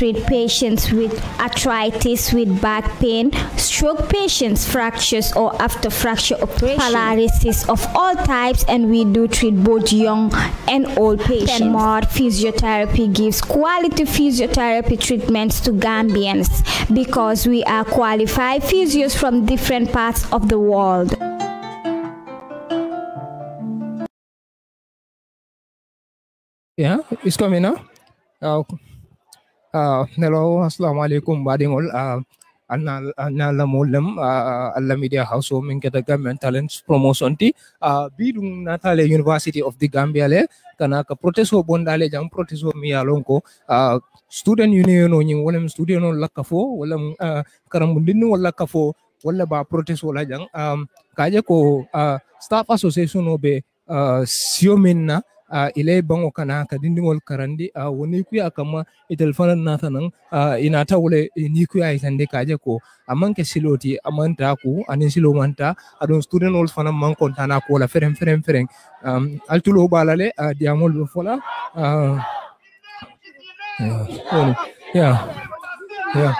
treat patients with arthritis, with back pain, stroke patients, fractures or after fracture operation, paralysis of all types, and we do treat both young and old patients. Penmore Physiotherapy gives quality physiotherapy treatments to Gambians because we are qualified physios from different parts of the world. Yeah, it's coming now. Huh? Ah, uh, hello, assalamu alaikum, Badimul. Uh, ah, Anala Mulam, Alla ah, Media House, Women Kataga Talents Promotion Ti, Bidung Natale University of the Gambia le, Kanaka protest ho bondale jam protest ho miyalonko, student union on yung walang student on lakafo, walam karamundinu wala kafo, wala ba protest wala jang, um, ko staff association obe, siyomin a ilai bango kana ka dindingol karandi a woni ku ya kama itel fana na tanan a ina ta wule ni ku ya itande kaje ko amman ke siloti amman ta ku anin silo manta adon student ol fana man kon tana ko la ferem ferem ferem um altulo balale a diamol do fola uh, yeah yeah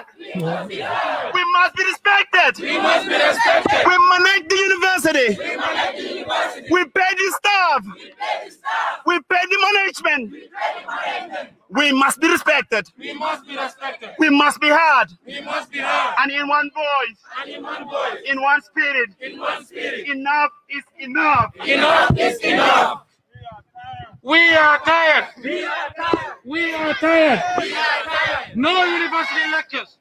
we must be respected respected. We must be respected. We manage the university. We pay the staff. We pay the, management. We must be respected. We must be respected. We must be heard. We must be heard. And in one voice. And in one voice. In one spirit. In one spirit. Enough is enough. Enough is enough. We are tired. We are tired. We are tired. We are tired. No university lectures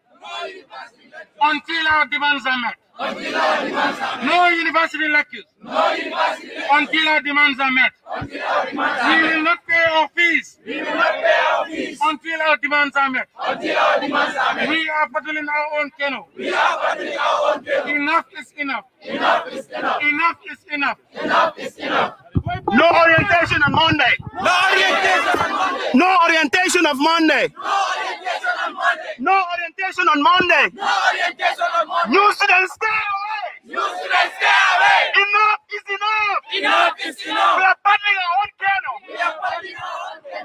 until our demands are met. Are met. No university lectures. No university lectures. Until our demands are met. Our demands are we will not pay our fees. We will not pay our fees. Until our demands are met. Until our demands are met. We are paddling our own canoe. We are paddling our own canoe. Enough is enough. Enough is enough. Enough is enough. Enough is enough. No orientation on Monday. No orientation on Monday. No orientation of Monday. No orientation on Monday. No orientation on Monday. New students stay away. New students stay away. Enough is enough. Enough is enough. We are fighting our own canoe.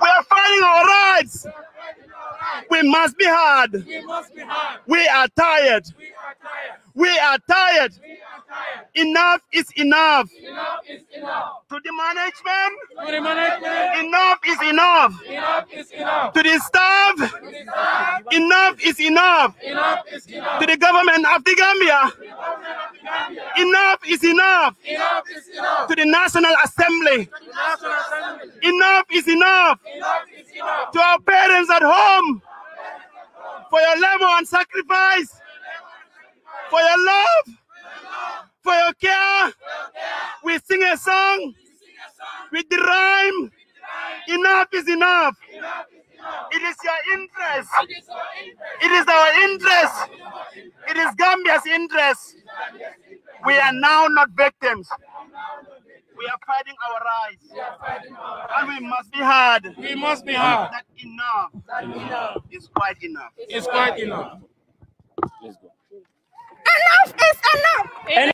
We are fighting our rights. We must be hard. We must be hard. We are tired. We are tired. We are tired. Enough is enough. Enough is enough. To the management. To the management. Enough is enough. Enough is enough. To the staff. To the staff. Enough is enough. Enough is enough. To the government of the Gambia. The of the Gambia. Enough is enough. Enough is enough. To the National Assembly. The National Assembly. Enough is enough. Enough is enough. To our parents at home for your labor and sacrifice, for your love, for your care. We sing a song with the rhyme. Enough is enough. It is your interest. It is our interest. It is Gambia's interest. We are now not victims. We are fighting our rights. We are fighting our rights. And we must be heard. We must be heard. That enough. That enough is quite enough. It's quite enough. Let's go. Enough is enough. enough.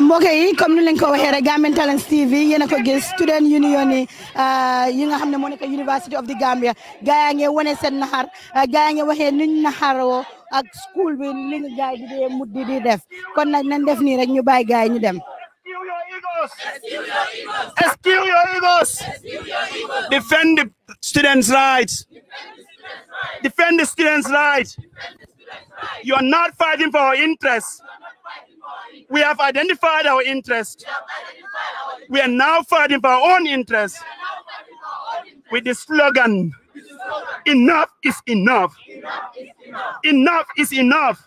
mbokk um, yi comme ni leen ko waxee Gambian Talents TV yéen a ko gis student union yi uh, yi nga xam ne moo nekk University of the Gambia gaa yaa ngi wane seen naxar uh, gaa yaa ngi waxee niñ naxaroo ak school bi li nga gaay di dee mut di di def kon nag nañ def nii rek ñu bàyyi gaay ñu dem Eschew your egos defend the students rights defend the students rights you are not fighting for our interests we have identified our interest. We are now fighting for our own interest with the slogan Enough is enough. Enough is enough. Enough is enough.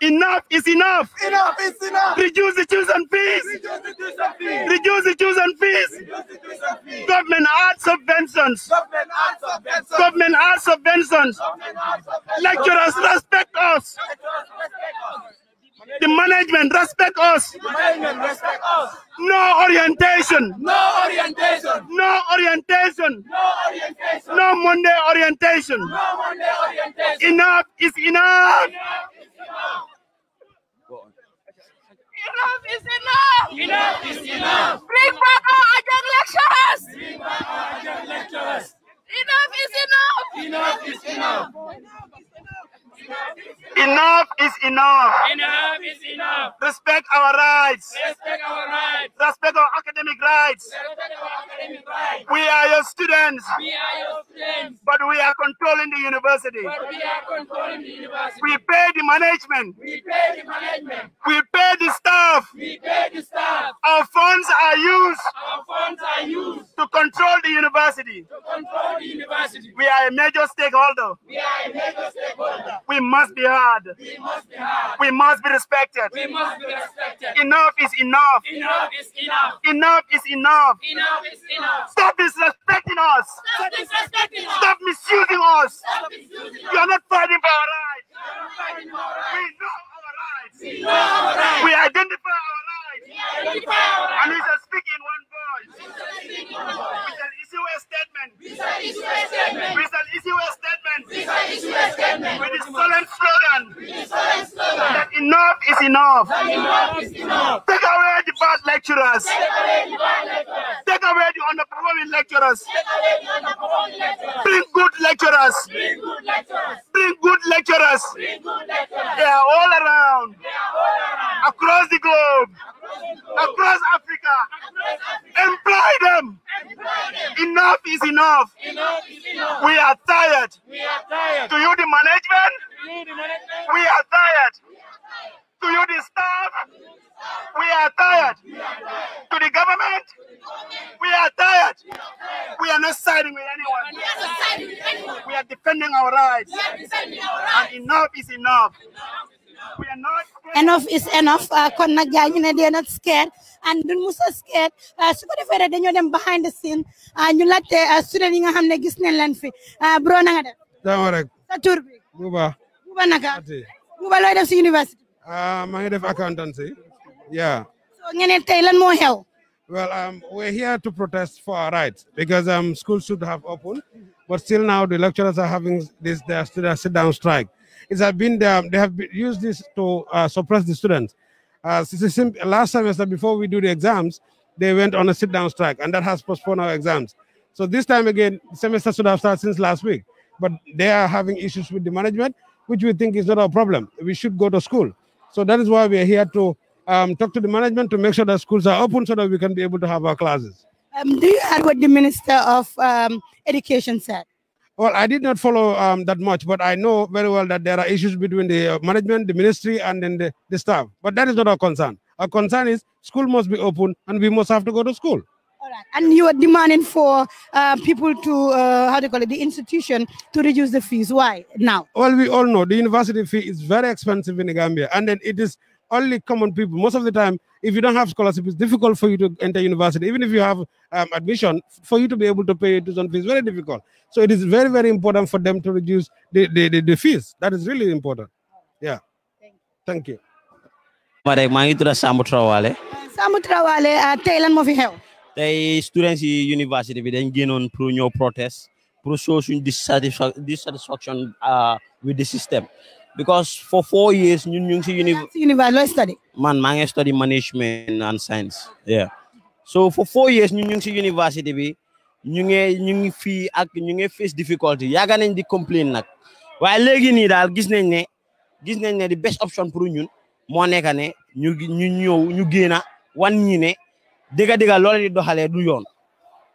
Enough is enough. Enough is enough. Reduce the tuition fees. Reduce the tuition fees. Government art subventions. Government art subventions. Lecturers respect us. The management respect us. The management respect us. No orientation. No orientation. No orientation. No orientation. No Monday orientation. No Monday orientation. Enough is enough. Enough is enough. Enough is enough. Enough is enough. Bring back our adjunct lecturers. Bring back our adjunct lecturers. Enough is enough. Enough is enough. enough. Enough is enough. Enough is enough. Respect our rights. Respect our rights. Respect our academic rights. Respect our academic rights. We are your students. We are your students. But we are controlling the university. But we are controlling the university. We pay the management. We pay the management. We pay the staff. We pay the staff. Our funds are used. Our funds are used to control the university. To control the university. We are a major stakeholder. We are a major stakeholder. We must be heard. We must be heard. We must be respected. We must be respected. Enough is enough. Enough is enough. Enough is enough. Enough is enough. Stop disrespecting us. Stop disrespecting us. Stop misusing us. Stop misusing you are not fighting for our rights. We know our rights. We know our We identify our rights. We And he's speaking one. Enough. Enough, enough. Take away the bad lecturers. Take away the, bad lecturers. Take away the underperforming lecturers. lecturers. Bring good lecturers. Bring good lecturers. Bring good lecturers. Bring good lecturers. They are all around. Are all around. Across the globe. Across Africa. Across Africa. Employ them. Enough is enough. Enough is enough. We are tired. We are tired. To you, the management. We are tired. To you, the staff. We are tired. To the government. We are tired. We are not siding with anyone. We are defending our rights. And enough is enough enough is enough uh, kon nag gars ñu ne they are not scared and duñ mus a scared uh, su ko defee rek dañoo dem behind the scene uh, ñu laajte student yi nga xam ne gis nañ leen fi bro na nga def. dama rek sa tur bi. Buba Buba naka. Buba looy def si university. maa ngi def accountancy yeah. so ngeen ne lan moo xew. Well, um, we're here to protest for our rights because um, schools should have opened, but still now the lecturers are having this their, their sit-down strike. It has been the, they have used this to uh, suppress the students. Uh, last semester, before we do the exams, they went on a sit-down strike, and that has postponed our exams. So this time again, semester should have started since last week, but they are having issues with the management, which we think is not our problem. We should go to school. So that is why we are here to um, talk to the management to make sure that schools are open so that we can be able to have our classes. Um, do you hear what the Minister of um, Education said? Well, I did not follow um, that much, but I know very well that there are issues between the uh, management, the ministry, and then the, the staff. But that is not our concern. Our concern is school must be open and we must have to go to school. All right. And you are demanding for uh, people to, uh, how do you call it, the institution to reduce the fees. Why now? Well, we all know the university fee is very expensive in Gambia. And then it is only common people. Most of the time, if you don't have scholarship, it's difficult for you to enter university. Even if you have um, admission, for you to be able to pay tuition fees, very difficult. So it is very, very important for them to reduce the, the, the, the fees. That is really important. Yeah. Thank you. Mare eh, maa ngi tudd to Traoré. Sambu Traoré tey Thailand movie hell. The students in university then gain on pro ñëw protest pro-social dissatisfaction dissatisfaction uh, with the system. because for four years ñun ñu ngi si university looy study man maa ngi study management and science yeah so for four years ñun ñu ngi si university bi ñu ngi ñu ngi fii ak ñu ngi face difficulty yaaga nañ di complain nag waa léegi nii daal gis nañ ne gis nañ ne the best option pour ñun moo nekk ne ñu ñu ñëw ñu génn wan ñi ne dëgga dëgga di doxalee du yoon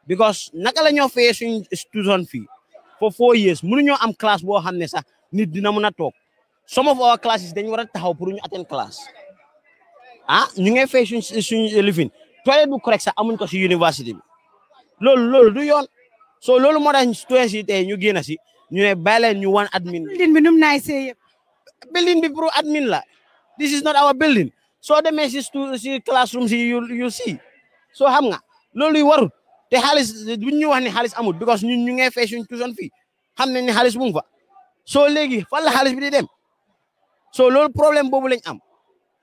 because naka la ñoo fayee suñ student fii for four years mënuñoo am classe boo xam ne sax nit dina mën a toog some of our classes dañu wara taxaw pour ñu atteindre class ah ñu ngi fay suñ suñ living toilette bu correct sa amuñ ko ci university bi lool lool du yoon so lool mo dañ students yi tey ñu gëna ci ñu né bàyyi leen ñu one admin building bi num nay see building bi pour admin la this is not our building so the messages to si classroom si you you see so xam nga lool yi warut te xaalis buñ ñu wax ni xaalis amul because ñun ñu ngi fay suñ tuition fi xam nañ ni xaalis mu fa so léegi fa la xaalis bi di dem so loolu problème boobu lañ am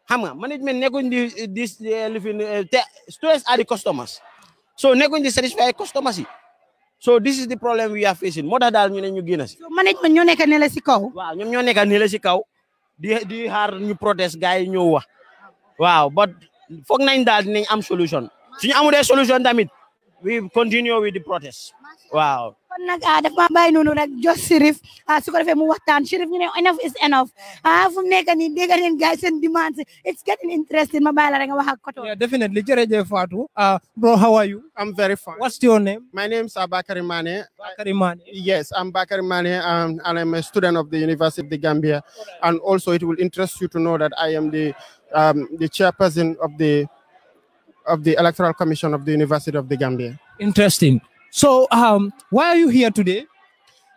xam nga management nekkuñ di di eh, li fi eh, te stress à di customers so nekkuñ di satisfy customers yi so this is the problem we are facing moo tax daal ñu ne ñu génn si. so management ñoo nekk ne la si kaw. waaw ñoom ñoo nekk ne la si kaw di di xaar ñu protest gars yi ñëw wax waaw but foog nañ daal dinañ am solution suñu amulee solution tamit we continue with the protest waaw. kon nag daf maa bàyyi noonu rek jos Chérif su ko defee mu waxtaan Chérif ñu ne enough is enough ah fu mu nekk nii dégg ngeen gars seen demands it's getting interesting ma bàyyi la rek nga wax ak koto yeah definitely jërëjëf Fatou ah, bro how are you I'm very fine what's your name my name is Bakary Mane Bakary Mane yes I'm Bakary Mane um, and I'm a student of the University of the Gambia and also it will interest you to know that I am the um, the chairperson of the of the Electoral Commission of the University of the Gambia interesting so, um, why are you here today?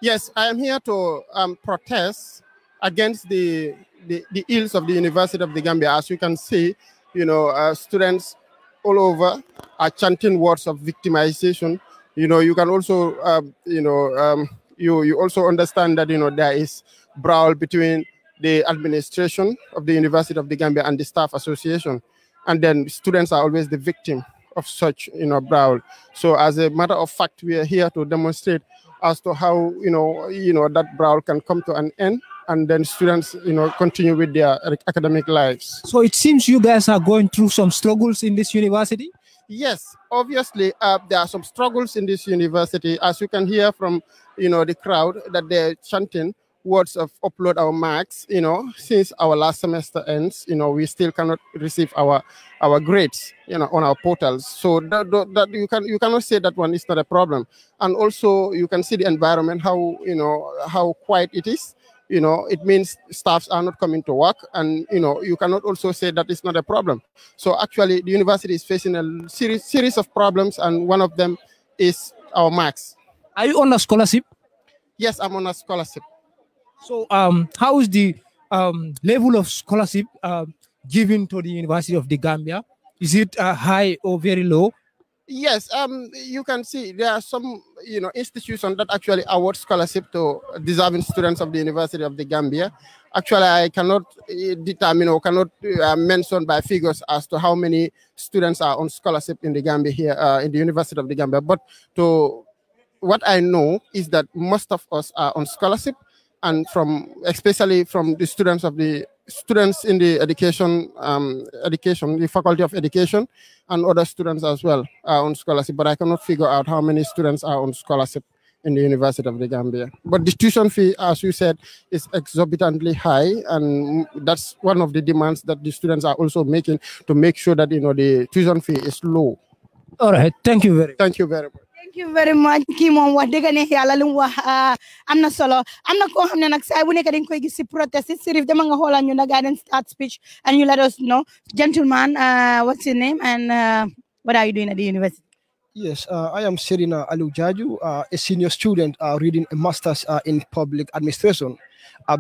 Yes, I am here to um, protest against the, the, the ills of the University of the Gambia. As you can see, you know, uh, students all over are chanting words of victimization. You know, you can also, um, you know, um, you you also understand that you know there is brawl between the administration of the University of the Gambia and the staff association, and then students are always the victim of such, you know, brawl. So as a matter of fact, we are here to demonstrate as to how, you know, you know, that brawl can come to an end and then students you know continue with their academic lives so it seems you guys are going through some struggles in this university yes obviously uh, there are some struggles in this university as you can hear from you know the crowd that they're chanting words of upload our marks, you know, since our last semester ends, you know, we still cannot receive our our grades, you know, on our portals. So that, that you can you cannot say that one is not a problem. And also you can see the environment, how you know how quiet it is. You know, it means staffs are not coming to work, and you know you cannot also say that it's not a problem. So actually, the university is facing a series series of problems, and one of them is our marks. Are you on a scholarship? Yes, I'm on a scholarship. So, um, how is the um, level of scholarship uh, given to the University of the Gambia? Is it uh, high or very low? Yes, um, you can see there are some you know institutions that actually award scholarship to deserving students of the University of the Gambia. Actually, I cannot eh, determine or cannot uh, mention by figures as to how many students are on scholarship in the Gambia here uh, in the University of the Gambia. But to what I know is that most of us are on scholarship and from especially from the students of the students in the education um, education the faculty of education and other students as well are uh, on scholarship but i cannot figure out how many students are on scholarship in the university of the gambia but the tuition fee as you said is exorbitantly high and that's one of the demands that the students are also making to make sure that you know the tuition fee is low all right thank you very much. thank you very much you very much kii moom wax dëgg ne yàlla lu mu i am not solo i am not going to ne nag saa bu nekk to koy gis It's protest Sirif dama nga xoolal ñu na garden start speech and you let us know gentlemen. Uh, what's your name and uh, what are you doing at the university Yes, uh, I am Serena Alujaju, uh, a senior student uh, reading a master's uh, in public administration.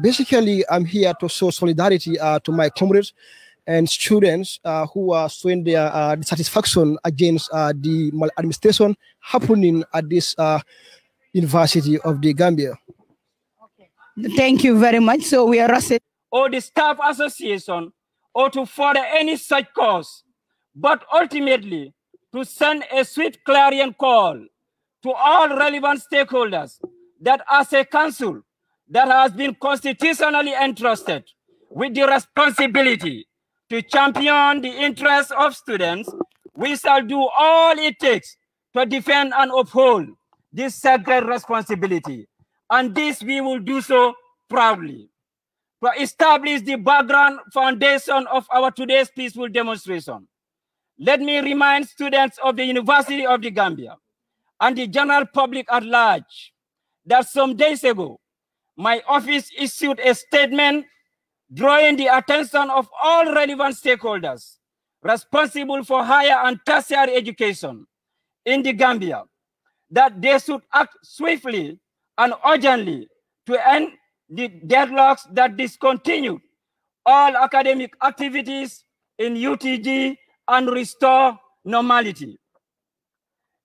basically, I'm here to show solidarity to my comrades and students uh, who are showing their uh, dissatisfaction against uh, the maladministration happening at this uh, University of the Gambia. Okay. Thank you very much. So we are asking Or the staff association, or to further any such cause, but ultimately to send a swift clarion call to all relevant stakeholders that as a council that has been constitutionally entrusted with the responsibility to champion the interests of students, we shall do all it takes to defend and uphold this sacred responsibility. And this we will do so proudly. To establish the background foundation of our today's peaceful demonstration, let me remind students of the University of the Gambia and the general public at large that some days ago, my office issued a statement drawing the attention of all relevant stakeholders responsible for higher and tertiary education in the Gambia that they should act swiftly and urgently to end the deadlocks that discontinued all academic activities in UTG and restore normality.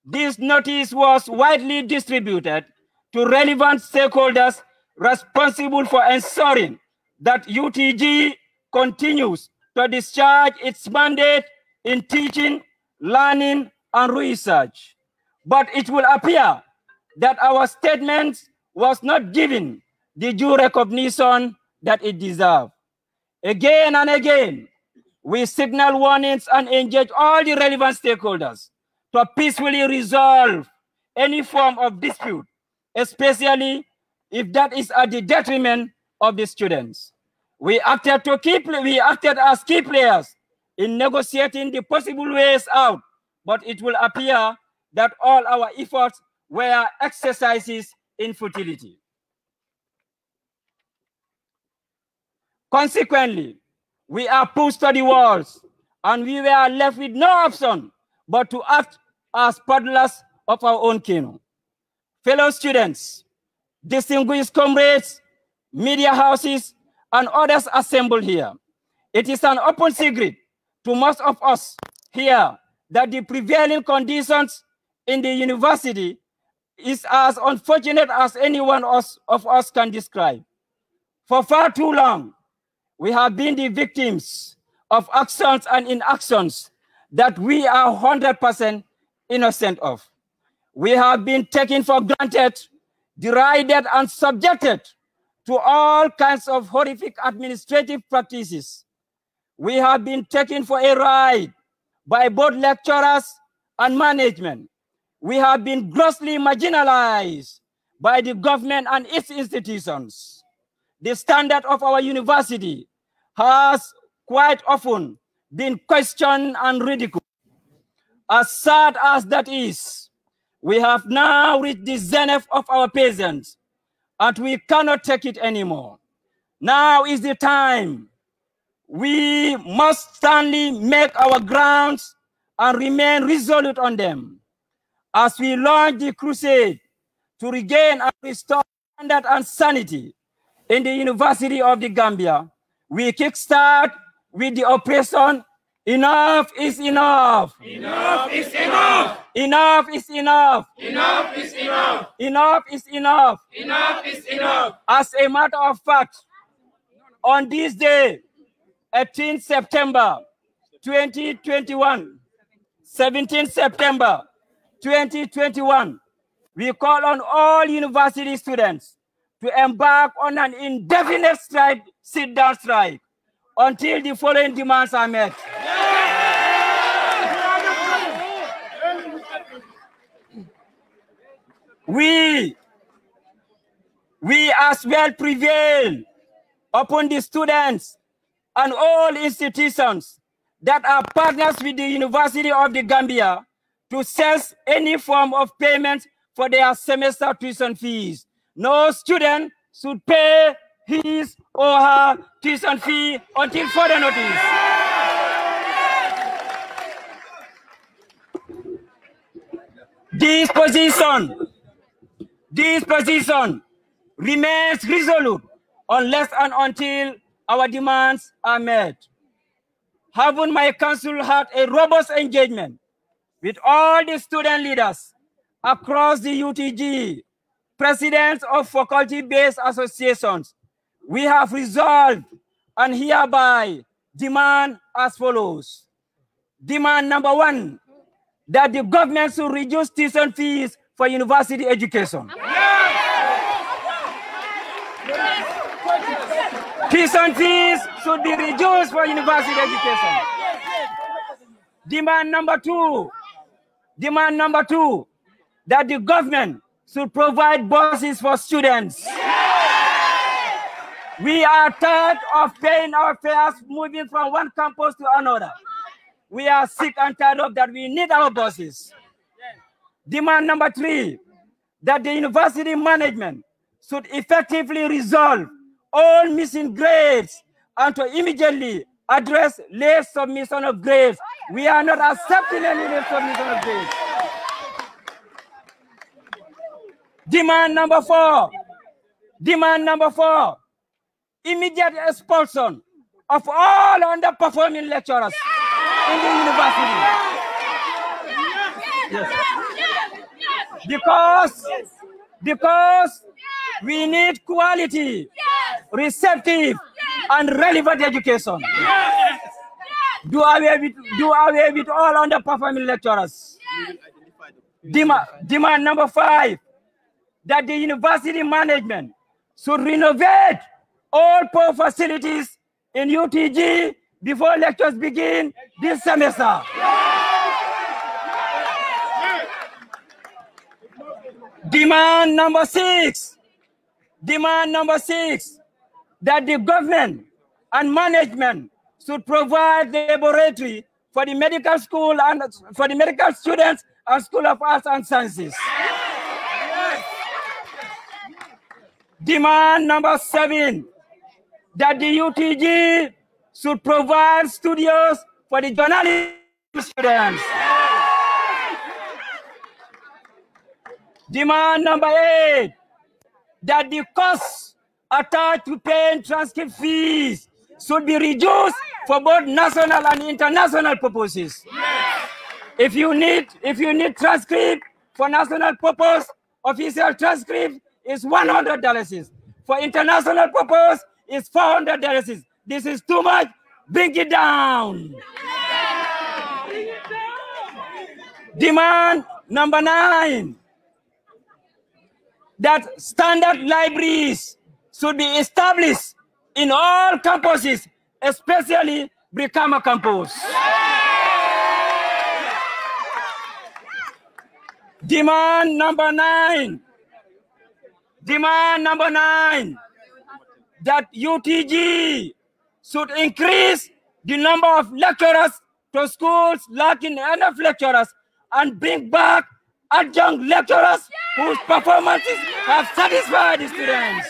This notice was widely distributed to relevant stakeholders responsible for ensuring that UTG continues to discharge its mandate in teaching, learning, and research. But it will appear that our statement was not given the due recognition that it deserved. Again and again, we signal warnings and engage all the relevant stakeholders to peacefully resolve any form of dispute, especially if that is at the detriment of the students. We acted to keep we acted as key players in negotiating the possible ways out, but it will appear that all our efforts were exercises in futility. Consequently, we are pushed to the walls and we were left with no option but to act as paddlers of our own canoe. Fellow students, distinguished comrades, media houses, and others assembled here. It is an open secret to most of us here that the prevailing conditions in the university is as unfortunate as anyone of us can describe. For far too long, we have been the victims of actions and inactions that we are 100% innocent of. We have been taken for granted, derided, and subjected to all kinds of horrific administrative practices. We have been taken for a ride by both lecturers and management. We have been grossly marginalized by the government and its institutions. The standard of our university has quite often been questioned and ridiculed. As sad as that is, we have now reached the zenith of our peasants and we cannot take it anymore. Now is the time. We must sternly make our grounds and remain resolute on them. As we launch the crusade to regain and restore standard and sanity in the University of the Gambia, we kickstart with the oppression Enough is enough. Enough is enough. Enough is enough. Enough is enough. Enough is enough. Enough is enough. As a matter of fact, on this day, 18 September 2021, 17 September 2021, we call on all university students to embark on an indefinite strike, sit down strike until the following demands are met. We, we as well prevail upon the students and all institutions that are partners with the University of the Gambia to cease any form of payment for their semester tuition fees. No student should pay his or her tuition fee until further notice. This position, this position remains resolute unless and until our demands are met. Having my council had a robust engagement with all the student leaders across the UTG, presidents of faculty-based associations, we have resolved and hereby demand as follows. Demand number one, that the government should reduce tuition fees for university education. Tuition fees should be reduced for university education. Demand number two, demand number two, that the government should provide buses for students. We are tired of paying our fares, moving from one campus to another. We are sick and tired of that. We need our buses. Demand number three, that the university management should effectively resolve all missing grades and to immediately address late submission of grades. We are not accepting any late submission of grades. Demand number four. Demand number four immediate expulsion of all underperforming lecturers in the university. Yes. Because, because we need quality, receptive, and relevant education. Do away with, do away with all underperforming lecturers. Demand, demand number five, that the university management should renovate all poor facilities in UTG before lectures begin this semester. Demand number six, demand number six, that the government and management should provide the laboratory for the medical school and for the medical students and School of Arts and Sciences. Demand number seven, that the UTG should provide studios for the journalism students. Demand number eight, that the costs attached to paying transcript fees should be reduced for both national and international purposes. Yes. If you need if you need transcript for national purpose, official transcript is $100. For international purpose, it's 400 dollars. This is too much. Bring it down. Yeah. Demand number nine that standard libraries should be established in all campuses, especially Brikama campus. Yeah. Demand number nine. Demand number nine that UTG should increase the number of lecturers to schools lacking enough lecturers and bring back adjunct lecturers whose performances have satisfied the students.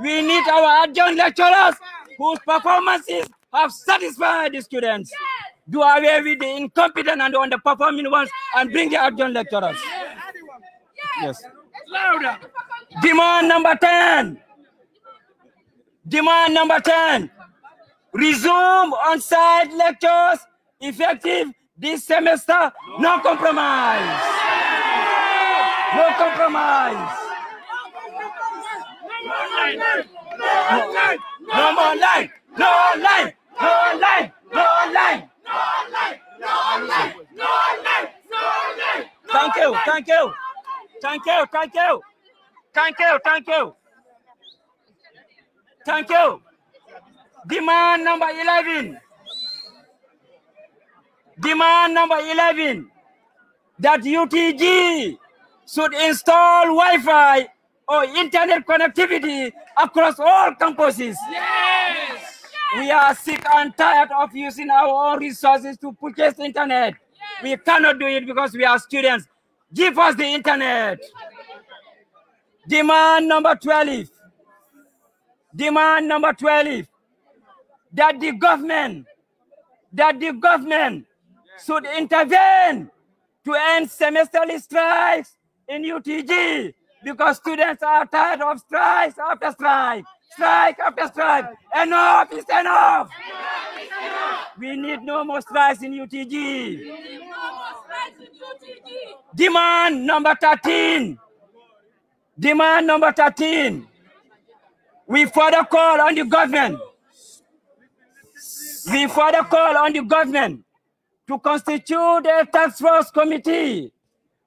We need our adjunct lecturers whose performances have satisfied the students. Do away with the incompetent and underperforming ones and bring the adjunct lecturers. Yes. Louder. Demand number 10. Demand number 10, resume on-site lectures effective this semester. No compromise. No compromise. No online. No online. No online. No online. No online. No online. No online. No online. No online. Thank you. Thank you. Thank you. Thank you. Thank you. Thank you. Thank you. Demand number 11. Demand number 11 that UTG should install Wi-Fi or internet connectivity across all campuses. Yes! We are sick and tired of using our own resources to purchase the internet. Yes. We cannot do it because we are students. Give us the internet. Demand number 12. Demand number 12 that the government, that the government should intervene to end semesterly strikes in UTG because students are tired of strikes after strike, strike after strike. Enough is enough. Enough is enough. We need no more strikes in UTG. No strikes in UTG. Demand number 13. Demand number 13 we further call on the government. We further call on the government to constitute a task force committee,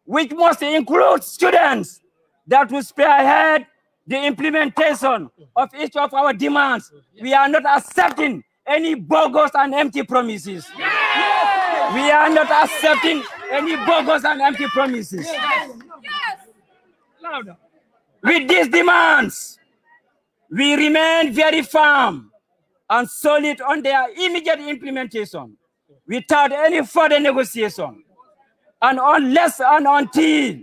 which must include students that will spearhead the implementation of each of our demands. We are not accepting any bogus and empty promises. We are not accepting any bogus and empty promises. Yes! Yes! With these demands, we remain very firm and solid on their immediate implementation without any further negotiation. And unless and until,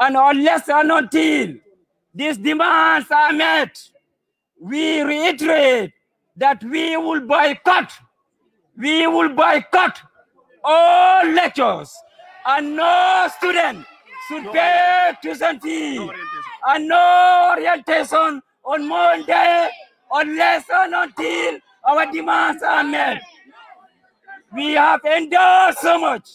and unless and until these demands are met, we reiterate that we will boycott, we will boycott all lectures and no student should pay tuition fee and no orientation on Monday, on lesson until our demands are met. We have endured so much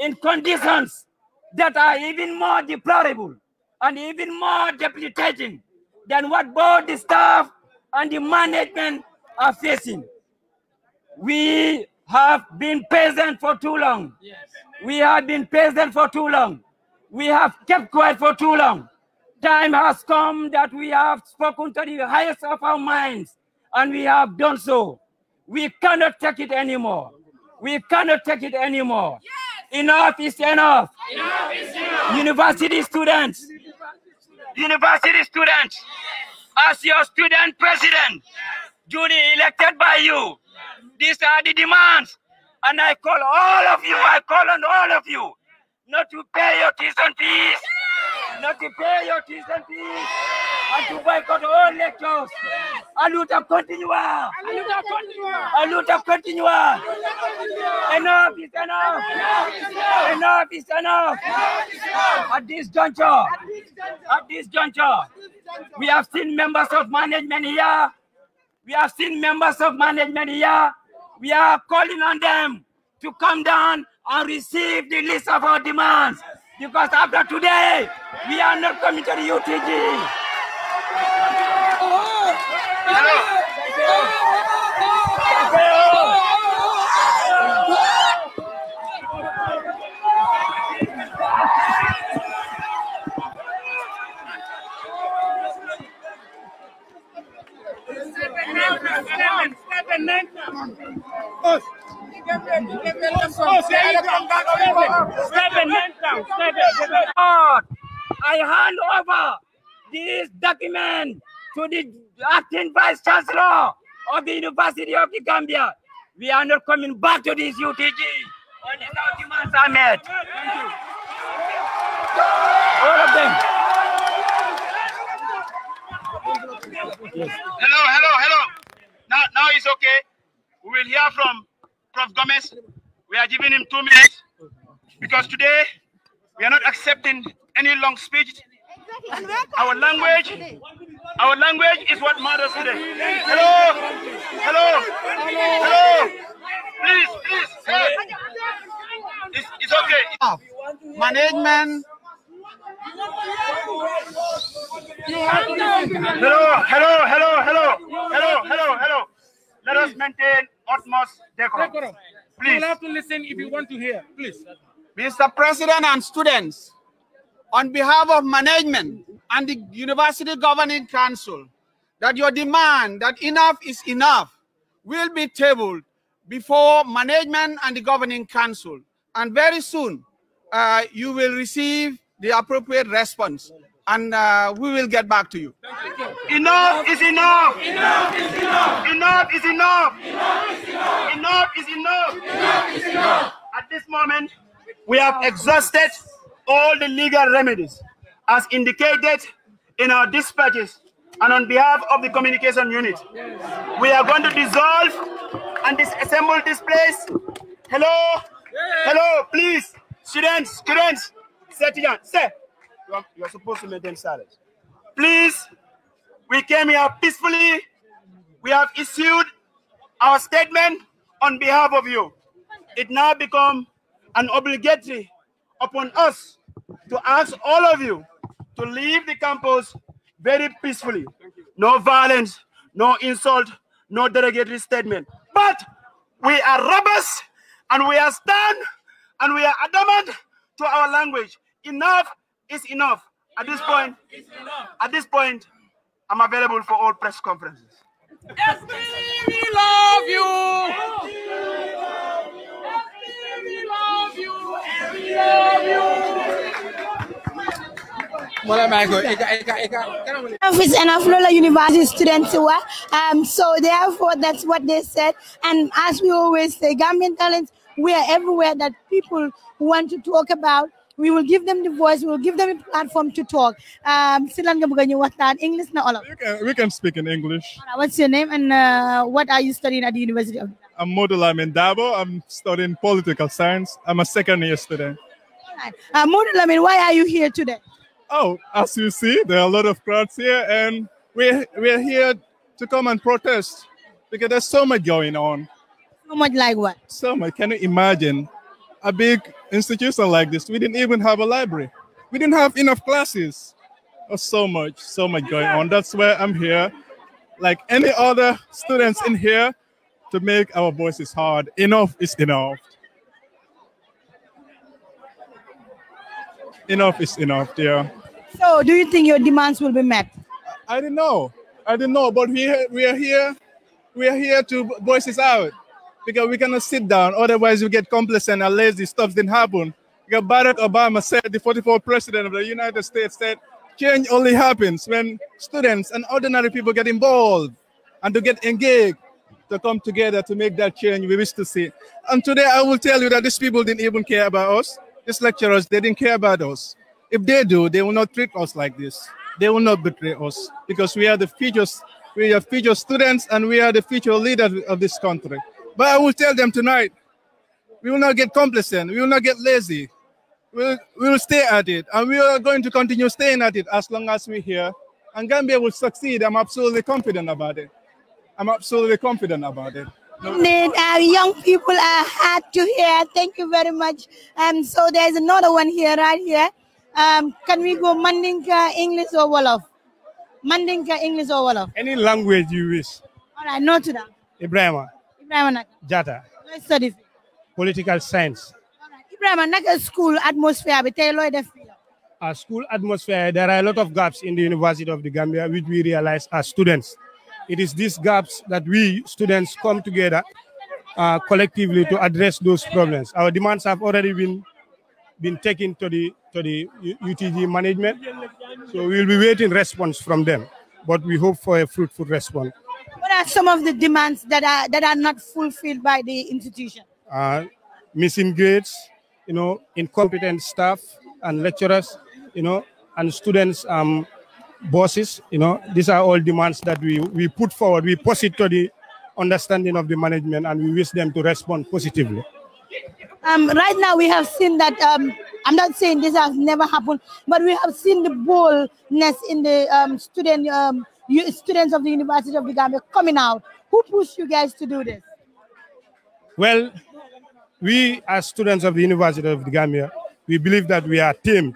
in conditions that are even more deplorable and even more debilitating than what both the staff and the management are facing. We have been patient for too long. Yes. We have been patient for too long. We have kept quiet for too long time has come that we have spoken to the highest of our minds, and we have done so. We cannot take it anymore. We cannot take it anymore. Yes. Enough is enough. enough, is enough. University students, university students, yes. as your student president, yes. duly elected by you, these are the demands. And I call all of you, I call on all of you, not to pay your tuition fees not to pay your T's and P's and to boycott all lectures. Aluta continua. Aluta continua. to continue. Enough is enough. Enough is enough. At this juncture, at this juncture, we have seen members of management here. We have seen members of management here. We are calling on them to come down and receive the list of our demands. Because after today, we are not committed UTG. I hand over this document to the acting vice chancellor of the University of the Gambia. We are not coming back to this UTG on the South Summit. All of them. Hello, hello, hello. Now, now it's okay. We will hear from Prof. Gomez, we are giving him two minutes because today we are not accepting any long speech. Our language, our language is what matters today. Hello, hello, hello. Please, please. It's, it's okay. Management. Hello, hello, hello, hello, hello, hello, hello. Let us maintain utmost decorum. Please. You have to listen if you want to hear. Please. Mr. President and students, on behalf of management and the University Governing Council, that your demand that enough is enough will be tabled before management and the Governing Council. And very soon, uh, you will receive the appropriate response and uh, we will get back to you. you. Enough is enough. Enough is enough. Enough is enough. Enough is enough. Enough is enough. At this moment, we have exhausted all the legal remedies as indicated in our dispatches and on behalf of the communication unit. We are going to dissolve and disassemble this place. Hello? Hello, please. Students, students. Sir, you're, supposed to maintain silence. Please, we came here peacefully. We have issued our statement on behalf of you. It now becomes an obligatory upon us to ask all of you to leave the campus very peacefully. No violence, no insult, no derogatory statement. But we are robust, and we are stern and we are adamant to our language. Enough it's enough. At this point, at this point, I'm available for all press conferences. Yes, we love you. Office and Lola University students were. Um, so therefore, that's what they said. And as we always say, Gambian talents, we are everywhere that people want to talk about we will give them the voice, we will give them a platform to talk. Um, silan nga English na all we can, we can speak in English. Right, what's your name and uh, what are you studying at the University of? I'm Modula Mendabo. I'm studying political science. I'm a second year student. All right. Uh, Modula, I mean, why are you here today? Oh, as you see, there are a lot of crowds here, and we're, we're here to come and protest because there's so much going on. So much like what? So much. Can you imagine a big institution like this, we didn't even have a library. We didn't have enough classes. Oh, so much, so much going on. That's why I'm here, like any other students in here, to make our voices heard. Enough is enough. Enough is enough, yeah. So, do you think your demands will be met? I, I don't know. I don't know, but we, we are here. We are here to voices out because we cannot sit down. Otherwise, we get complacent and lazy. Stuff didn't happen. Because Barack Obama said, the 44th president of the United States said, change only happens when students and ordinary people get involved and to get engaged to come together to make that change we wish to see. And today I will tell you that these people didn't even care about us. These lecturers, they didn't care about us. If they do, they will not treat us like this. They will not betray us because we are the future, we are future students and we are the future leaders of this country. But I will tell them tonight, we will not get complacent. We will not get lazy. We'll, we'll stay at it. And we are going to continue staying at it as long as we're here. And Gambia will succeed. I'm absolutely confident about it. I'm absolutely confident about it. Indeed, uh, young people are hard to hear. Thank you very much. Um, so there's another one here, right here. Um, can we go Mandinka English or Wolof? Mandinka English or Wolof? Any language you wish. All right, no to that. Ibrahima. Ibrahima naka. Jatta. study political science. Ibrahim, naka school atmosphere bi tey Our school atmosphere, there are a lot of gaps in the University of the Gambia, which we realize as students. It is these gaps that we students come together uh, collectively to address those problems. Our demands have already been been taken to the to the UTG management, so we will be waiting response from them. But we hope for a fruitful response are some of the demands that are that are not fulfilled by the institution? Uh, missing grades, you know, incompetent staff and lecturers, you know, and students um, bosses, you know, these are all demands that we, we put forward. We it to the understanding of the management and we wish them to respond positively. Um, right now we have seen that, um, I'm not saying this has never happened, but we have seen the boldness in the um, student um, you students of the University of the Gambia coming out? Who pushed you guys to do this? Well, we as students of the University of the Gambia, we believe that we are tamed,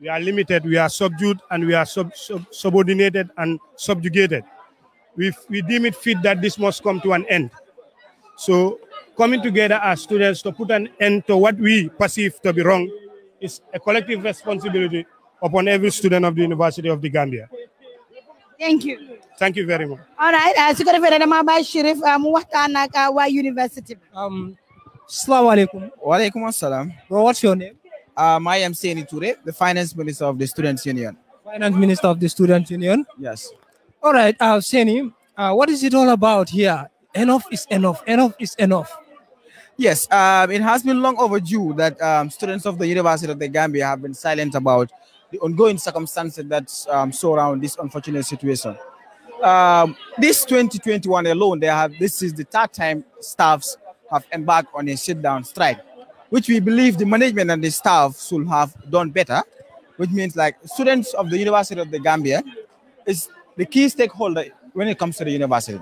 we are limited, we are subdued, and we are sub, sub, subordinated and subjugated. We, we deem it fit that this must come to an end. So coming together as students to put an end to what we perceive to be wrong is a collective responsibility upon every student of the University of the Gambia thank you thank you very much all right uh, su go to dama bàyyi uh, Chérif mu waxtaan ak university um assalamu alaikum wa alaikum assalam bro what's your name um, I am Seni Toure the finance minister of the students union finance minister of the students union yes all right uh, Seni uh, what is it all about here enough is enough enough is enough Yes, um, it has been long overdue that um, students of the University of the Gambia have been silent about the ongoing circumstances that um, surround this unfortunate situation. Um, this 2021 alone, they have this is the third time staffs have embarked on a sit-down strike, which we believe the management and the staff should have done better. Which means like students of the University of the Gambia is the key stakeholder when it comes to the university.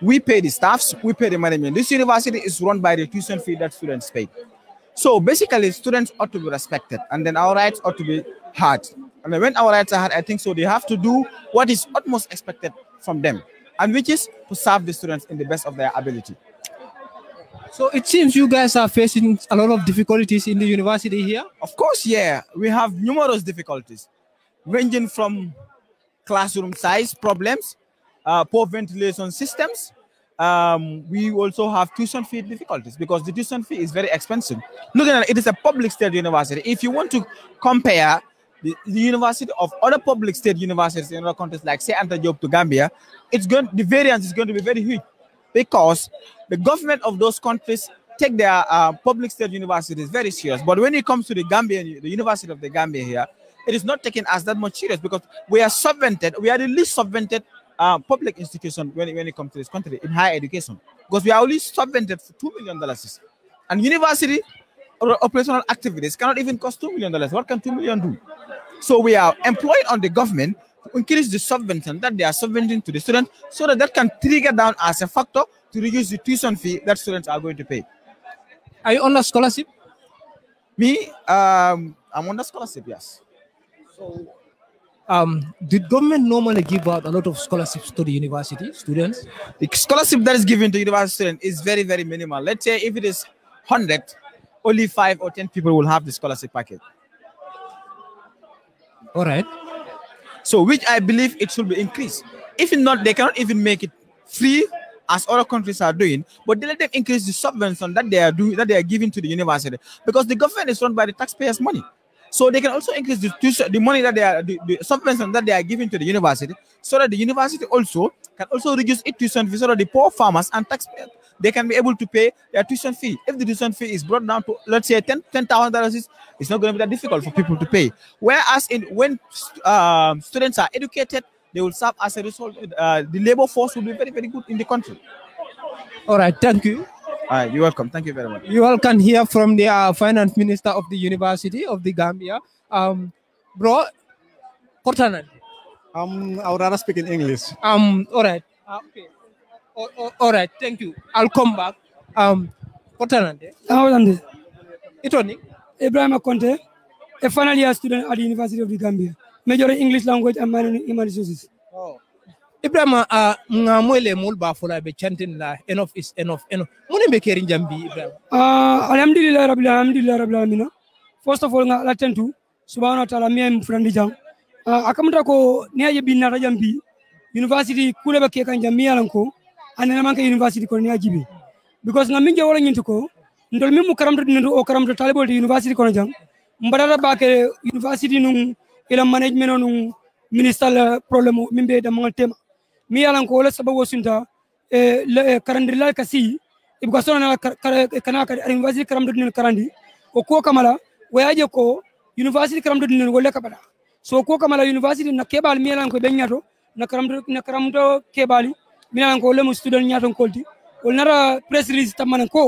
We pay the staffs, we pay the management. This university is run by the tuition fee that students pay. So basically, students ought to be respected, and then our rights ought to be hard. and when our rights are hard, I think so they have to do what is utmost expected from them, and which is to serve the students in the best of their ability. So it seems you guys are facing a lot of difficulties in the university here. Of course, yeah. We have numerous difficulties, ranging from classroom size problems, uh, poor ventilation systems. Um, we also have tuition fee difficulties because the tuition fee is very expensive. Look at it, it is a public state university. If you want to compare the, the university of other public state universities in other countries like say Anta Job to Gambia, it's going the variance is going to be very huge because the government of those countries take their uh, public state universities very serious. But when it comes to the Gambia, the University of the Gambia here, it is not taken as that much serious because we are subvented. We are the least subvented uh, public institution when, when it comes to this country in higher education because we are only subvented for two million dollars. And university operational activities cannot even cost $2 million. What can $2 million do? So we are employing on the government to increase the subvention that they are subventing to the student so that that can trigger down as a factor to reduce the tuition fee that students are going to pay. Are you on a scholarship? Me, um, I'm on a scholarship, yes. So, um, did government normally give out a lot of scholarships to the university students? The scholarship that is given to university students is very, very minimal. Let's say if it is 100, only five or ten people will have the scholarship package. All right. So, which I believe it should be increased. If not, they cannot even make it free as other countries are doing, but they let them increase the subvention that they are doing that they are giving to the university because the government is run by the taxpayers' money. So they can also increase the, the money that they are the, the, subvention that they are giving to the university, so that the university also can also reduce its tuition fees so that the poor farmers and taxpayers they can be able to pay their tuition fee. If the tuition fee is brought down to, let's say, $10,000, $10, it's not going to be that difficult for people to pay. Whereas in, when um, students are educated, they will serve as a result. Uh, the labor force will be very, very good in the country. All right, thank you. All right, you're welcome. Thank you very much. You all can hear from the uh, finance minister of the University of the Gambia. Um, bro, Kortanan. Um, I would rather speak in English. Um, all right. Uh, okay. Oh, oh, all, right thank you i'll come back um kotanande awlande itoni Ibrahim conte a final year student at the university of the gambia major in english language and minor in human resources oh. Ibrahim, ah uh, ngamwele mulba bafula be chanting la enough is enough enough mune be kerin jambi Ibrahim. uh, alhamdulillah rabbil alhamdulillah rabbil mina. first of all nga la tentu subhanahu wa ta'ala mi frandi jam. uh, akamutako, niya ne aje jambi university kule be ke kan jambi alanko ya anena manke university ko ne ajibi because na minge wala nyinti ko ndol min mu karamto dindo o karamto talibol de university kono jang mbarata bake university num ila management num ministal problème min da mangal tema mi yalan ko wala sababu sunta e eh, karandi la kasi ibuka sona kana ka university karamto dindo karandi o ko kamala wayaje ko university karamto dindo wala kabala so ko kamala university na kebal mi yalan ko benyato na karamto na karamto kebali minanan ko lemu student ñaton kolti wol nara press release tammanan ko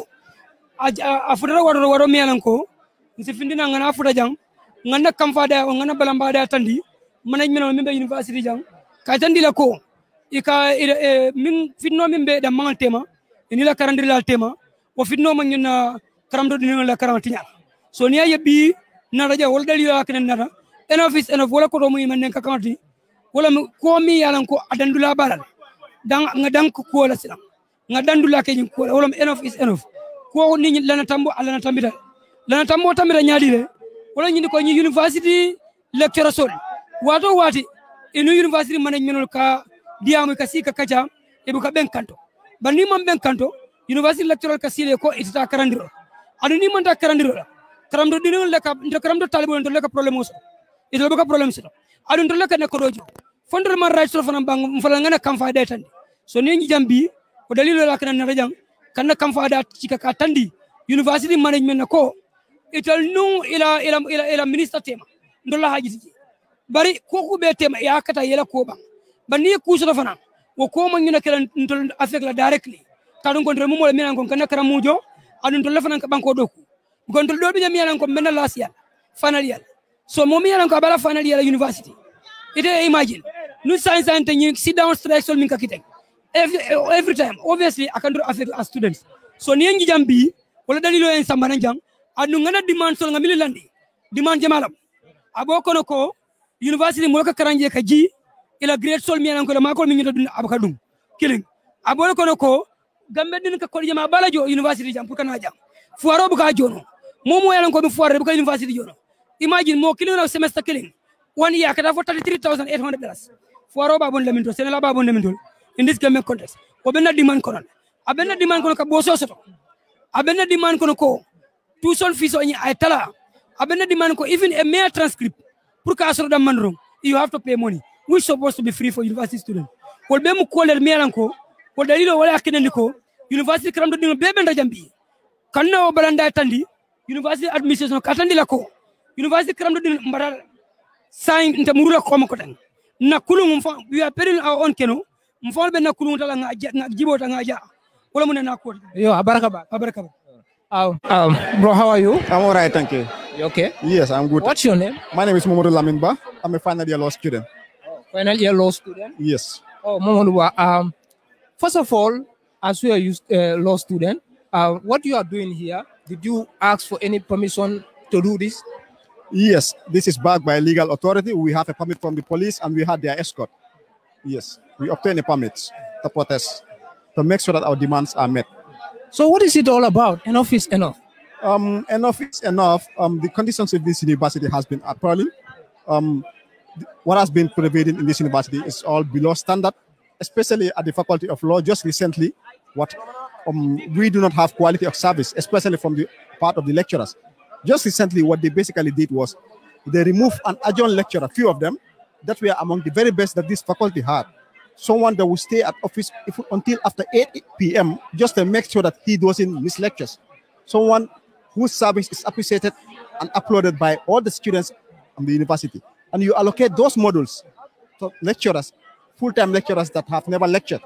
a futata waro waro miyanan ko nsi findina ngana futa jang ngana kamfa da o ngana balamba da tandi management min be university jang ka tandi la ko ka e min fitno min be da mangal tema e ni la karandir la tema o fitno man ngina do din la karantinya so niya yabi na raja wol dali ya kan nara en office en of wala ko do mu man nen ka kanti wala ko mi yalan ko adandula balal dan ngadan ko kuola silam ngadan dula ke nyin kuola wolom enough is enough kuwa ni nyin lana tambo alana ah, na lana tambo tambida nyaadi le wala nyin ko nyi university lecture sol wato wati eno university man nyenol ka diamu ka sika kaja e bu ka ben kanto bani mam ben kanto university lecturer ka sile ko itata karandiro adu ni man ta karandiro karamdo dinu le ka karamdo talibo ndo le ka problem so ito problem sih adu ndo le ka fondre man right so fana bang fala ngana kam faade tan so ni ngi jambi ko dalilo la kan na kan na kam da ci ka tandi university management ko ital nu ila ila ila ila minister tema ndolla haji bari ko ko be tema ya kata yela ko ba ni ku so fana wo ko man ngina kala ndol affect la directly kadon kon remo mo minan kon na kara mujo adun to lafana ka banko doku kon to dobi nyami ko menna last year final year so momi yalan ko bala final year university ite imagine sommes en train de sit down strike sol min ka every, every time obviously akandro affect as students so ni ngi jambi wala lo en sambana jam adu ngana demand sol ngamili landi demand jamalam abo kono ko university mo ka karanje ka ji ila great sol mi ko la makol mi ngi dun ka dum kiling abo kono ko gambe din ka ko jama bala jo university jam pour kana jam fuaro bu ka jono momo yalan ko mi fuaro bu ka university jono imagine mo killing na semester kiling one year ka da 33800 dollars fuaro babon lemin to senela babon lemin to in this game context ko benna demand kono di demand kono ka boso soto abenna demand kono ko tout son fils ni ay tala di man ko even a mere transcript pour ka asro dam you have to pay money We supposed to be free for university student ko be mu ko ler melan ko ko dalilo wala akinen ko university kramdo dino be ben jambi, kanna o balanda tandi university admission katandi lako university kramdo dino mbara sign inte murula ko ko tan na kulungu mfa we are pairing our own kenu mfano be na kulungu tala nga jibo tala nga ja wala mune na yo abaraka ba abaraka ba um, bro how are you i'm all right thank you you okay yes i'm good what's your name my name is momodu laminba i'm a final year law student oh, final year law student yes oh momodu um first of all as we are used, uh, law student uh, what you are doing here did you ask for any permission to do this Yes, this is backed by legal authority. We have a permit from the police and we had their escort. Yes, we obtained a permit to protest to make sure that our demands are met. So what is it all about? Enough is enough. Um, enough is enough. Um, the conditions of this university has been appalling. Um, what has been prevailing in this university is all below standard, especially at the Faculty of Law. Just recently, what um, we do not have quality of service, especially from the part of the lecturers. Just recently, what they basically did was they removed an adjunct lecturer, a few of them, that were among the very best that this faculty had. Someone that would stay at office if, until after 8 p.m. just to make sure that he doesn't miss lectures. Someone whose service is appreciated and applauded by all the students on the university. And you allocate those modules to lecturers, full-time lecturers that have never lectured,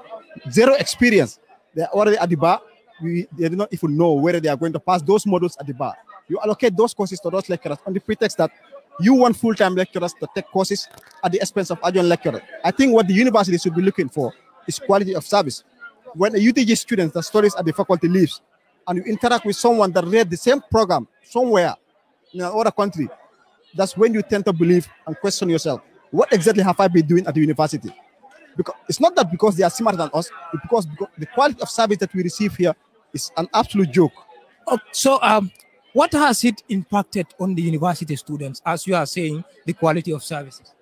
zero experience. They're already at the bar. We, they do not even know whether they are going to pass those modules at the bar you allocate those courses to those lecturers on the pretext that you want full-time lecturers to take courses at the expense of adjunct lecturers. I think what the university should be looking for is quality of service. When a UTG student that studies at the faculty leaves and you interact with someone that read the same program somewhere in another country, that's when you tend to believe and question yourself, what exactly have I been doing at the university? Because it's not that because they are smarter than us, it's because, the quality of service that we receive here is an absolute joke. Oh, so um, what has it impacted on the university students, as you are saying, the quality of services?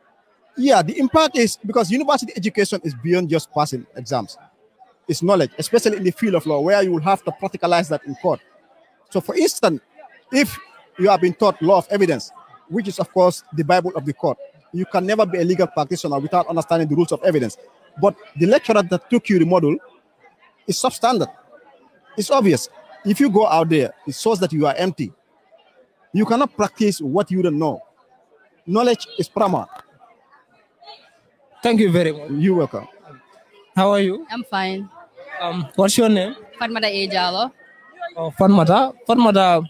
Yeah, the impact is because university education is beyond just passing exams. It's knowledge, especially in the field of law, where you will have to practicalize that in court. So, for instance, if you have been taught law of evidence, which is, of course, the Bible of the court, you can never be a legal practitioner without understanding the rules of evidence. But the lecturer that took you the model is substandard. It's obvious. If you go out there, it shows that you are empty. You cannot practice what you don't know. Knowledge is paramount. Thank you very much. You're welcome. How are you? I'm fine. Um, what's your name? Fatmata Ejalo. Oh, Fatmata. Fatmata,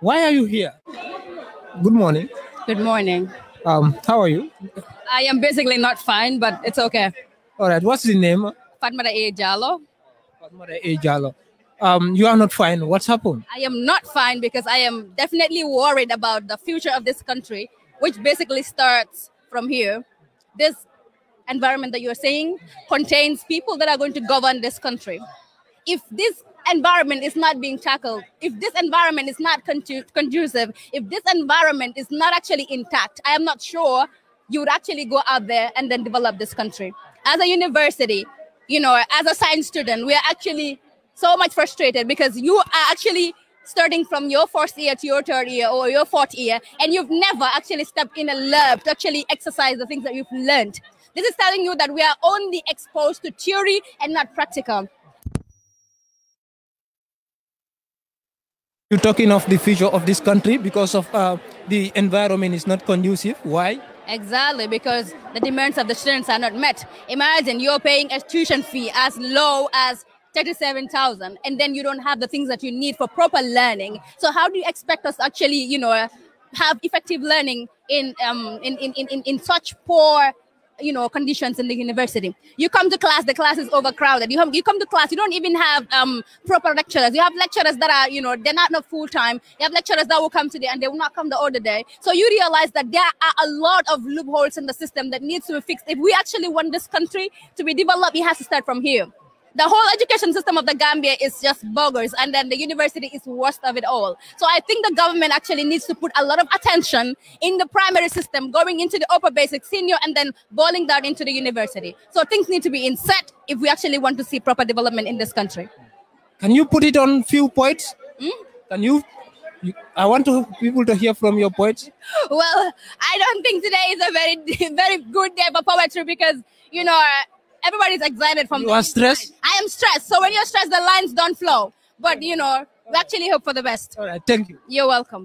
why are you here? Good morning. Good morning. Um, how are you? I am basically not fine, but it's okay. All right. What's the name? Fatmata Ejalo. Fatmata Ejalo um, you are not fine. What's happened? I am not fine because I am definitely worried about the future of this country, which basically starts from here. This environment that you're saying contains people that are going to govern this country. If this environment is not being tackled, if this environment is not conducive, if this environment is not actually intact, I am not sure you would actually go out there and then develop this country. As a university, you know, as a science student, we are actually so much frustrated because you are actually starting from your first year to your third year or your fourth year, and you've never actually stepped in a lab to actually exercise the things that you've learned. This is telling you that we are only exposed to theory and not practical. You're talking of the future of this country because of uh, the environment is not conducive. Why? Exactly, because the demands of the students are not met. Imagine you're paying a tuition fee as low as 37,000 and then you don't have the things that you need for proper learning. So how do you expect us actually, you know, have effective learning in, um, in, in, in, in such poor you know conditions in the university you come to class the class is overcrowded you have you come to class you don't even have um, proper lecturers you have lecturers that are you know they're not, not full time you have lecturers that will come today and they will not come the other day so you realize that there are a lot of loopholes in the system that needs to be fixed if we actually want this country to be developed it has to start from here the whole education system of the Gambia is just boggers, and then the university is worst of it all. So I think the government actually needs to put a lot of attention in the primary system, going into the upper basic, senior, and then boiling down into the university. So things need to be inset if we actually want to see proper development in this country. Can you put it on few points? Mm? Can you I want to people to hear from your poet. Well, I don't think today is a very very good day for poetry because you know everybody's excited from you are stressed i am stressed so when you're stressed the lines don't flow but you know we actually hope for the best all right thank you you're welcome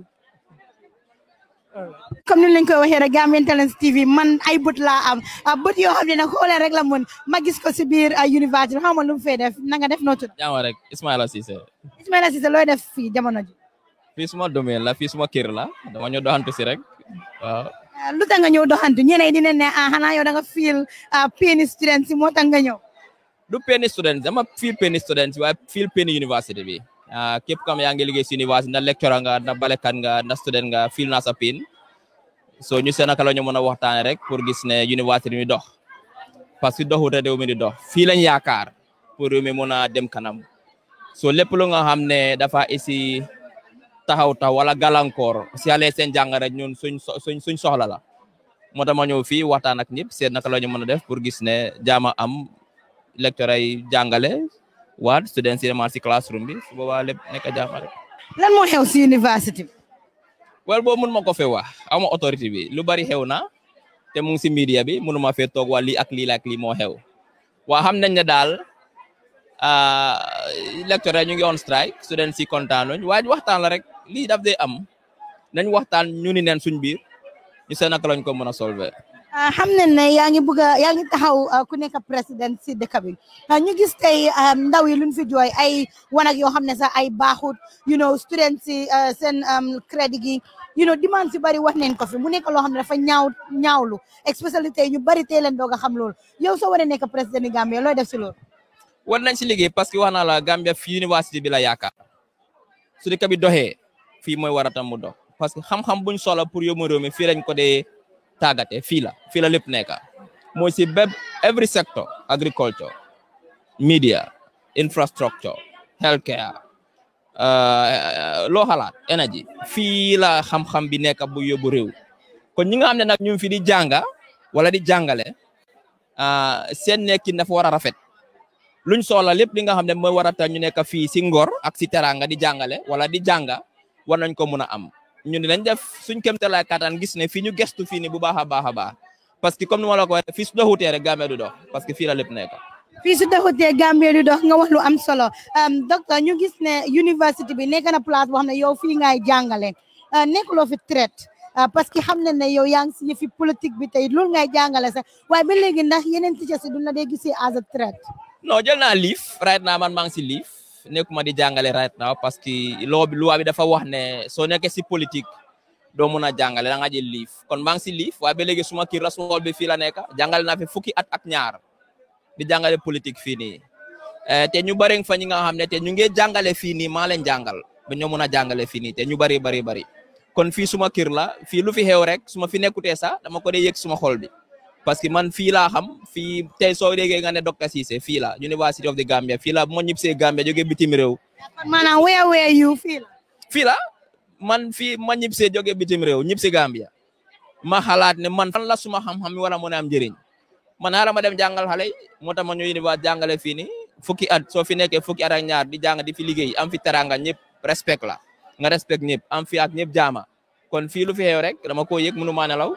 comme ni lañ koy Gambian Talents TV man ay but la am ah, bët but xam have nag xoolee rek la mun magis gis ko si biir ah, université xam nga lu mu def na nga def noo tudd. jàmm rek Ismaila Cissé. Ismaila Cissé looy def fii jamono ji. fii suma domaine la fi suma kir la dama ñëw doxantu si rek waaw. lu tax nga ñëw doxantu a dina ne ah xanaa yow da nga feel ah, pain student si moo tax nga ñëw. du pain student dama feel pain student waaye feel pain university bi ah, képp kam yaa ngi university na lecturer nga na balekat nga na student nga feel naa sa pain so ñu seen naka la ñu mën a waxtaanee rek pour gis ne university mi dox parce que doxul rek réew dox fii lañ yaakaar pour réew mi mën a dem kanam so lépp lu dafa isi taxaw taw wala gàllankoor si ale sen jangare ñun suñ suñ suñ soxla la mo dama ñew fi waxtaan ak ñep seen naka lañu mëna def pour gis ne jaama am lecteurs ay jangale waat students yi si classroom bi su boba lepp nek jaama rek lan mo xew ci university wal bo boobu ko fe wax ama autorité bi lu bari xew na te mu ngi media bi mënuma fe tok wa li ak li la ak li mo xew wa xam nañ ne dal Eh, lecture ñu ngi on strike students si content nañ waaye waxtaan la rek li daf dee am nañ waxtaan ñu ni neen suñ biir ñu sé nak lañ ko mëna a solver ah, xam ne ya yaa ngi bugg a ngi taxaw ah, ku nekk président ci dëkk bi ah, ñu gis tay ndaw yi luñ fi joy ay wanag yoo xam ne ay baxut you know student si sen crédit gi you know demand si bari wax neen ko fi mu nekk lo xam dafa ñaaw ñaawlu especially tey ñu bari tey leen doga xam lool yow soo war nekk président yi Gambie def ci lool wala nañ ci liggé parce que wax la Gambia fi université bi la yaaka su dëkk bi doxee fi moy war tam mu dox parce que xam-xam buñ solo pour yomo rewmi fi lañ ko dé tagaté fi la fi la lepp nekk moy ci every sector agriculture media infrastructure healthcare uh, lo energy fi la xam-xam bi nekk bu yobu rew kon ñi nga xamné nak ñu fi di janga wala di euh Sen nekkin na fa wara rafet luñ soxla lepp li nga xamne moy wara ta ñu nekk fi ci ngor ak si teranga di jangalé wala di janga war nañ ko mëna am ñu ni lañ def suñ kéemtalaay kattan gis ne fi ñu gestu fi ni bu baaxa baaxa ba parce que comme ni wala ko waxee fii su doxutee rek gamé du dox parce que fi la lepp nekk. fi su gamé du dox nga wax lu am solo docteur ñu gis ne université bi nekk na place bo xamne ne yow fii ngay nekk lo fi traite parce que xamna ne yow yang ngi si politique bi tay lool ngay jangalé sax waaye ba légui ndax yenen ci ci duñ la as a traite non jël naa liif right now man maa ngi si liif nekkuma di jàngale right now parce que loo bi loi bi dafa wax ne soo nekkee si politique doo mun a jàngale da nga jël liif kon maa ngi si liif waaye ba léegi suma kii rasool bi fii la nekk jàngale naa fi fukki at ak ñaar di jàngale politique fii nii eh, te ñu bëri fa ñi nga xam ne te ñu ngi jàngale fii nii maa leen jàngal ba ñoo mun a jàngale fii nii te ñu bari bari bari kon fii suma kër la fii lu fi xew rek suma fi nekkutee sax dama ko dee yëg suma xol bi parce que man fii laa xam fii tey soo déggee nga ne Dr Ceesay fii la University of the Gambia fii la bu ma ñibbisee Gambia jógee bitim réew. maanaam where were you fii la. fii la man fii ma ñibbisee jógee bitim réew ñibbisi Gambia ma xalaat ne man fan la suma xam-xam wala mën a am njëriñ man xaaral ma dem jàngal xale moo tax ma ñëw université jàngale fii nii fukki at soo fi nekkee fukki at ak ñaar di jàng di fi liggéey am fi teranga ñëpp respect la nga respect ñëpp am fi ak ñëpp jaama kon fii lu fi rek dama ko yëg mënu maa nelaw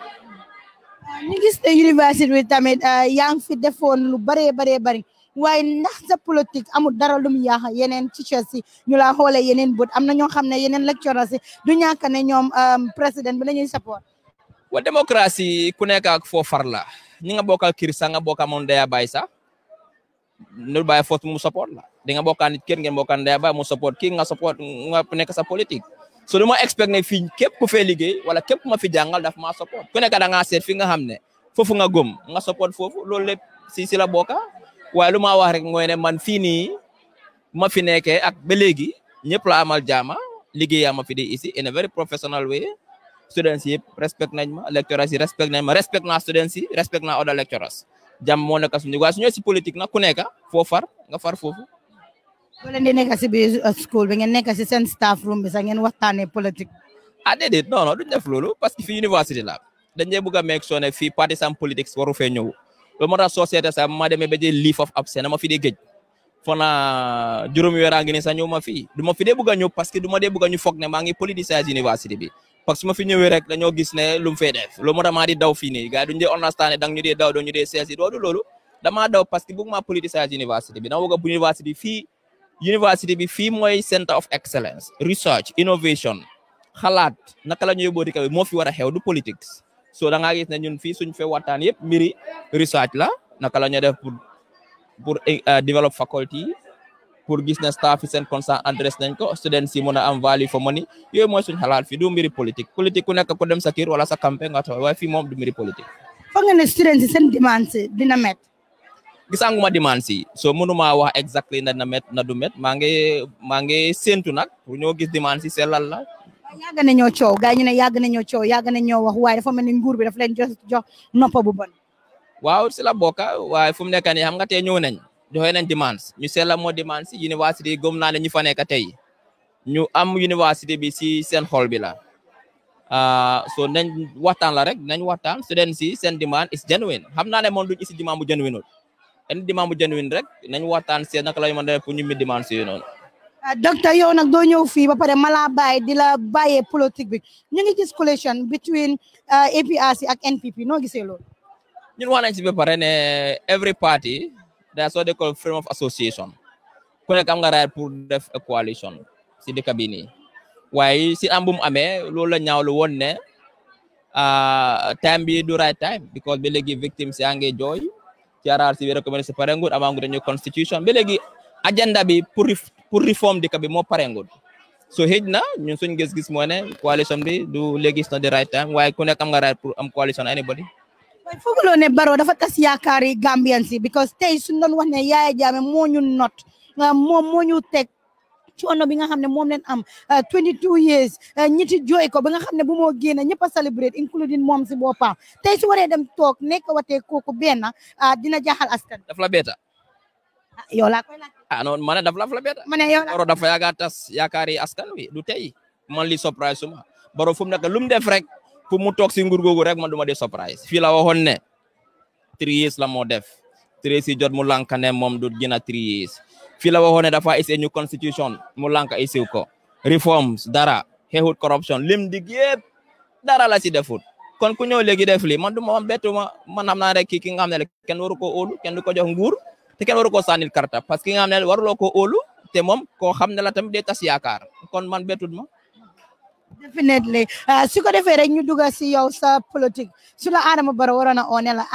ñu gis ne université bi tamit euh, yaa ngi fi defoon lu bare bare bëri waaye ndax sa politique amul dara lu mu yaaxa yeneen teachers yi ñu laa xoolee yeneen bët am na ñoo xam ne yeneen lecturers yi du ñàkk ne ñoom euh, président bi la ñuy support. wa démocratie ku nekk ak foo far la ñi nga bokkal kir sa nga bokka moom daya bay sa nul bay fot mu support la di nga bokkaa nit kër ngeen bokkaa daya bay mu support kii nga support nga nekk sa politique so dama expect ne fii kep ku fe liggey wala kep ma fi jangal daf ma support ku nek da nga set fi nga xamne fofu nga gëm nga support fofu loolu si si la boka way luma wax rek moy ne man fini ma fi ak ba léegi la amal jama, liggey ma fi di ici in a very professional way students yep respect nañ ma lecturers yi respect nañ ma respect na students yi respect na other lecturers Jam mo nekk suñu wa suñu ci si politique nak ku nekk fo far nga far fofu boo leen di nekk si school bi ngeen staff room bi sax ngeen waxtaanee politique. ah déedéet non non duñ def loolu partisan politique waru fee ñëw loolu moo tax sax ma demee ba jël leave of absence ma fi dee géej foo naa juróomi weer a ma fii du ma fi dee bëgg a ñëw parce que du ma dee bëgg a ñu foog ne maa ngi politicize université bi. parce que ma fi ñëwee rek dañoo gis ne lu mu def loolu moo tax maa di daw fii nii gars yi duñu understand ne ñu dee daw doo ñu dee seesi doodu université bi fii mooy centre of excellence research innovation xalaat naka la ñuy yóbboo di kaw moo fi war a xew du politique so da ngaa gis ne ñun fii suñ fee waxtaan yëpp mbiri research la naka la ñuy def pour pour euh, develop faculty pour gis ne staff yi seen constant adresse nañ ko students yi mën a am value for money yooyu mooy suñ xalaat fii du mbiri politique politique ku nekk ku dem sa kër wala sa campagne nga taxaw waaye fii moom du mbiri politique. foog nga ne students yi seen demande gisanguma demande si so mënuma wax exactly na na met na du maa ngi maa ngi séentu nag ñoo gis demande si sellal la yàgg na ñoo coow gaa ñu ne yàgg na ñoo yàgg na ñoo wax waaye dafa mel ni nguur bi dafa leen jox jox noppa bu bon waaw si la bokka waaye fu mu nekk nii xam nga tey ñëw nañ joxe nañ demandes ñu seetla moo demandes si université gëm naa ne ñu fa nekk tey ñu am université bi si seen xol bi la ah, so nañ waxtaan la rek nañ waxtaan student si seen demande is genuine xam naa ne moom duñ mu demande bu genuine indi demande bu genuine rek nañ waxtaan seet naka la ñu mën a def pour ñu mi demande si noonu. Ah, docteur yow nag doo ñëw fii ba pare mala bàyyi di la bàyyee politique bi ñu ngi gis coalition between APRC ah, ak NPP noo gisee loolu. ñun wax nañ si ba pare ne every party daa soo de call freedom of association ku nekk am nga raay pour def a coalition si dëkk bi nii waaye si am bu mu amee loolu la woon ne ah, time bi du right time because ba léegi victime si yaa jooy. TRRC ɓe recommende so parengol avant ngude new constitution ɓe leegi agenda ɓe pour pour reform ɗi kaɓe mo parengol so hejna ñun suñ guess guess mone coalition ɓe do leegi is the right time wawi kone kam gara pour coalition anybody fogolone baro dafa tas yaakaari gambian si because tey suñ doon wax ne yaaya jaame moo ñu not moom teg ci ono bi nga xamne ne len am 22 eh, years ñiti eh, joy ko bi nga xamne bu mo gene ñepa celebrate including mom si boppam tay ci waré dem tok nek waté koku ben eh, dina jaxal askan daf la beta, ah, yo la koy laaj ah non mané daf la beeta beta mané yo la dafa yaakaar tas yaakaari askan wi du tay man li surprise suma baro fum nak lum lu mu def rek fu mu tok ci ngur gogu rek man duma di surprise fi la waxon ne three years la mo def three years jot mu mom ne gina du years fii la waxoon dafa is a new constitution mu isi uko ko reforms dara xeexut corruption lim dig dara la si defut kon ku ñew léegi def li man duma am bettu ma man xam naa rek ki nga xam ken waru ko olu ken duko jox nguur te ken waru ko sanil carte parce que ki nga xam waru waruloo olu te moom koo la tam day tas yaakaar kon man bettut ma definitely ah, su ko defee rek ñu duga ci yow sa politique su la adam baro waroon a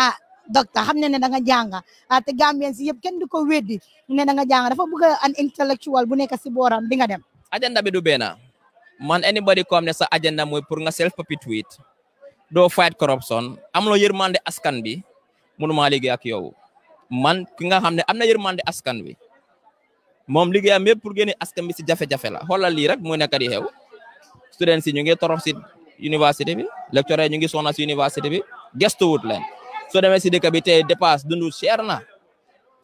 ah doctor xamne na ne da nga jàng ah, te Gambien si yeb ken du ko weddi ne da nga jang dafa bëgg an intellectual bu nekk ci boram di nga dem. agenda bi du bena man anybody ko nesa sa agenda moy pour nga self perpetuate Do fight corruption am lo yermande askan bi ma ligue ak yow man ki nga xamne amna am na askan bi ligue am yeb pour génne askan bi si jafe-jafe la holal li rek moy nekk di xew students yi ñu ngi torox si université bi lecturer ñu ngi sonal si université bi gestuwut leen. Nah. so ya, demee si dëkk bi tey dépasse dundu cher na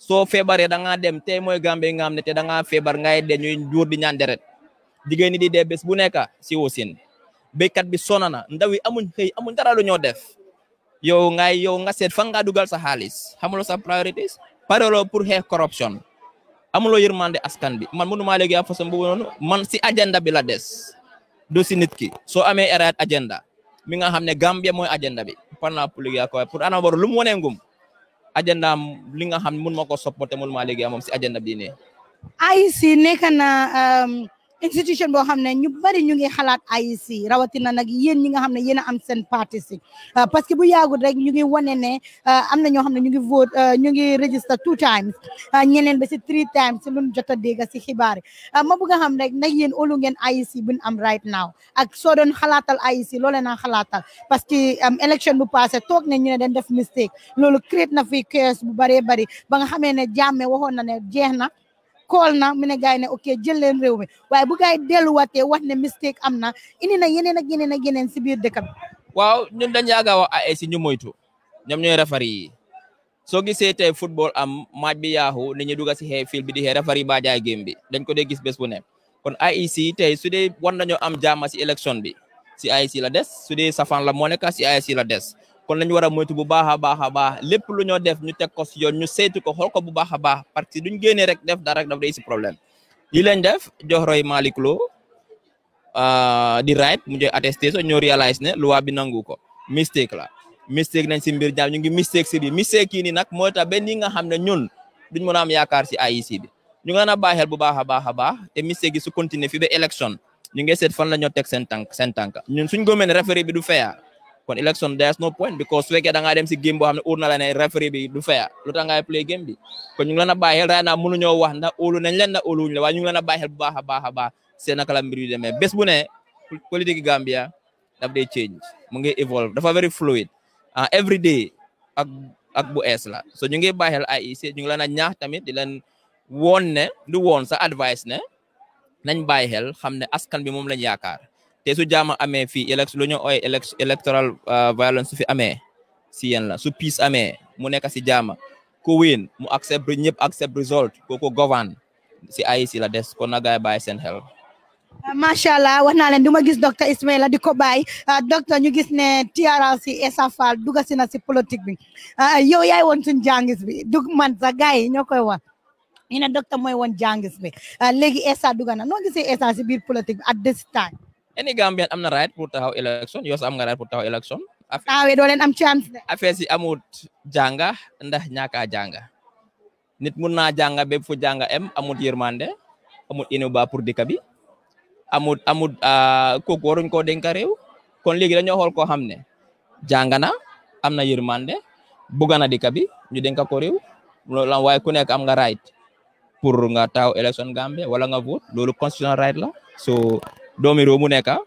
soo da dem tey moy gambe nga xam ne te da ngaa feebar ngay dee ñuy jour di ñaan deret ni di dee bés bu nekk si wasin béykat bi sonana na ndaw yi amuñ xey amuñ dara lu ñoo def yow ngay yow nga seet fa nga duggal sa halis xamuloo sa priorities parolo pour corruption amuloo yërmande askan bi man mënumaa léegi a façon boobu non man si agenda bi la dess do si nit ki so amé erreur agenda mi nga xam ne Gambia mooy agenda bi panna pour liggéey a pour Adama Barrow lu mu wone ngum agenda am li nga xam ne mun ma ko supporté mun si agenda bi ne ay si nekk na um, institution boo xam ne ñu bari ñu ngi xalaat IEC rawatina nag yéen ñi nga xam ne yéen a am seen parti si euh, parce que bu yàggul rek ñu ngi wane ne euh, am na ñoo xam ne ñu ngi vote euh, ñu ngi register two times ñeneen ba si three times si luñ jot a dégg si xibaar ma bëgg xam rek nag yéen óolu ngeen bu buñ am right now ak soo doon xalaatal IEC loolee naa xalaatal parce que élection um, bu passé toog na ñu ne dañ def mistake loolu create na fi chaos bu bëree bëri ba nga xamee ne jàmme waxoon na ne na kool na mu ne gaay ne ok jël leen réew mi waaye bu gaay delluwaatee wax ne mistake am na indi na yeneen ak yeneen ak yeneen si biir dëkk waaw ñun dañ yaaga wax ay si ñu moytu ñoom ñooy refari yi soo gisee tey football am match bi yaaxu nit ñi dugg si xee fil bi di xee refari ba jaay game bi dañ ko dee gis bés bu nekk kon si tey su dee war nañoo am jaama si élection bi si IEC la des su dee safaan la moo nekk si si la des kon lañ wara moytu bu baaxa baaxa baax lepp lu def ñu tek ko ci yoon ñu sétu ko xol ko bu baaxa baax parce que duñ rek def dara rek daf day ci problème li lañ def jox roy malik lo euh di right mu so ñoo realize ne loi bi nangu ko mistake la mistake nañ ci mbir jaam ñu ngi mistake ci bi mistake ni nak moy ta ben yi nga xamné ñun duñ mëna am yaakar ci IEC bi ñu nga na baxel bu baaxa baaxa baax té mistake yi su continuer fi ba élection ñu ngi sét fan la tek sen tank sen tank ñun suñ bi du fair kon election there's no point because fekke da nga dem ci game bo xamne urna la ne referee bi du fair lutax nga play game bi kon ñu la nah, na bayel rayna mënu ñoo wax ndax olu nañ leen na olu ñu nah, la ñu la na bayel bu baaxa baaxa ba seen nah, ak la mbir yu demé eh. bes bu ne eh, politique gambia daf day change mu ngi evolve dafa very fluid uh, every day ak ak bu es la so ñu ngi bayel IEC ñu la na ñaax tamit di leen won ne du won sa advice ne nañ bayel xamne askan bi mom lañ yaakar te su jaama amee fii élection lu ñu ooy electoral euh, violence su fi amee si yéen la su peace amee mu nekk si jaama ku win mu accept ñëpp accept result kooku govern si ay si la des kon na gaay bàyyi seen xel euh, macha allah wax naa leen du ma gis docteur Ismaila di ko bàyyi euh, docteur ñu gis ne TRRC Essa Faal dugg si na si politique bi yow yaay woon suñu jàngis bi dug man sa gars yi ñoo koy wax ñu ne docteur mooy woon jàngis bi léegi Essa dugg na noo gisee Essa si biir politique bi at this time any Gambian amna ah, na right pour taxaw election yo am nga right pour taxaw election tawé do len am chance affaire amut janga ndax ñaaka janga nit mën na janga bépp fu janga em amut yirmande, amut inu ba pour dika bi amut amut ah, ko waruñ ko denka rew kon léegi dañu xol ko xam janga na amna yirmande, bugana bugga na bi ñu denka ko rew lan way ku nek am nga right pour nga taw election Gambie wala nga vote lolu constitution right la so doomi réew mu ah,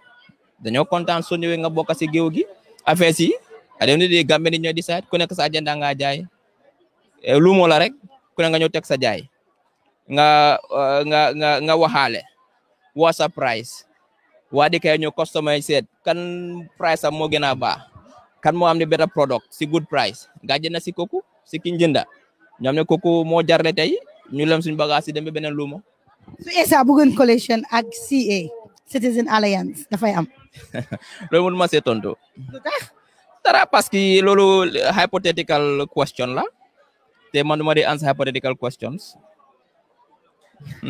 dañoo kontaan soo ñëwee nga bokk si géew gi affaire si à dem gambe di Gambie ni ñooy di saat ku nekk sa agenda nga jaay eh, luumo la rek ku ne nga ñëw teg sa jaay nga euh, nga nga nga waxaale waa sa price waa di kay ñëw customer yi seet kan price am moo gën a baax kan moo am ni better product si good price nga jënd si kooku si kiñ jënda ñoom ne kooku moo jarle tey ñu lem suñ bagage si dem beneen luumo esa bu collection ak CA Citizen Alliance dafay am loolu mënu ma see tontu dara parce que lolu hypothetical question la té man dama di answer hypothetical questions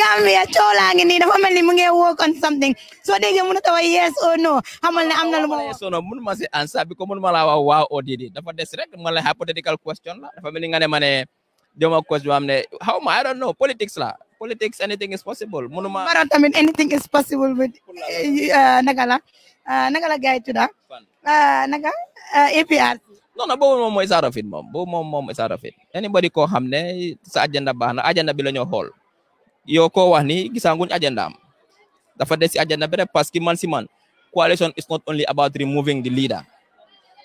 Gambia ya ngi ni dafa melni mending mu ngey work on something soo déggee mënu tawa yes or no xamal ni amna na lu ma yes or no mu ma ci answer bi ko mu ma la wa wa o oh, didi dafa dess rek ma la hypothetical question la dafa melni ni nga ne ma dama question am how ma I don't know politics la politics anything is possible munuma marathon anything is possible with uh, eh, eh, ah, nagala uh, ah, nagala guy to da uh, ah, naga uh, APR non non of it, mooy saarafit moom boobu moom moom mooy saarafit anybody ko hamne, sa agenda ba na agenda bi lañu hol yo ko wax ni gisaanguñ agenda am dafa des agenda bi rek parce que man si man coalition is not only about removing the leader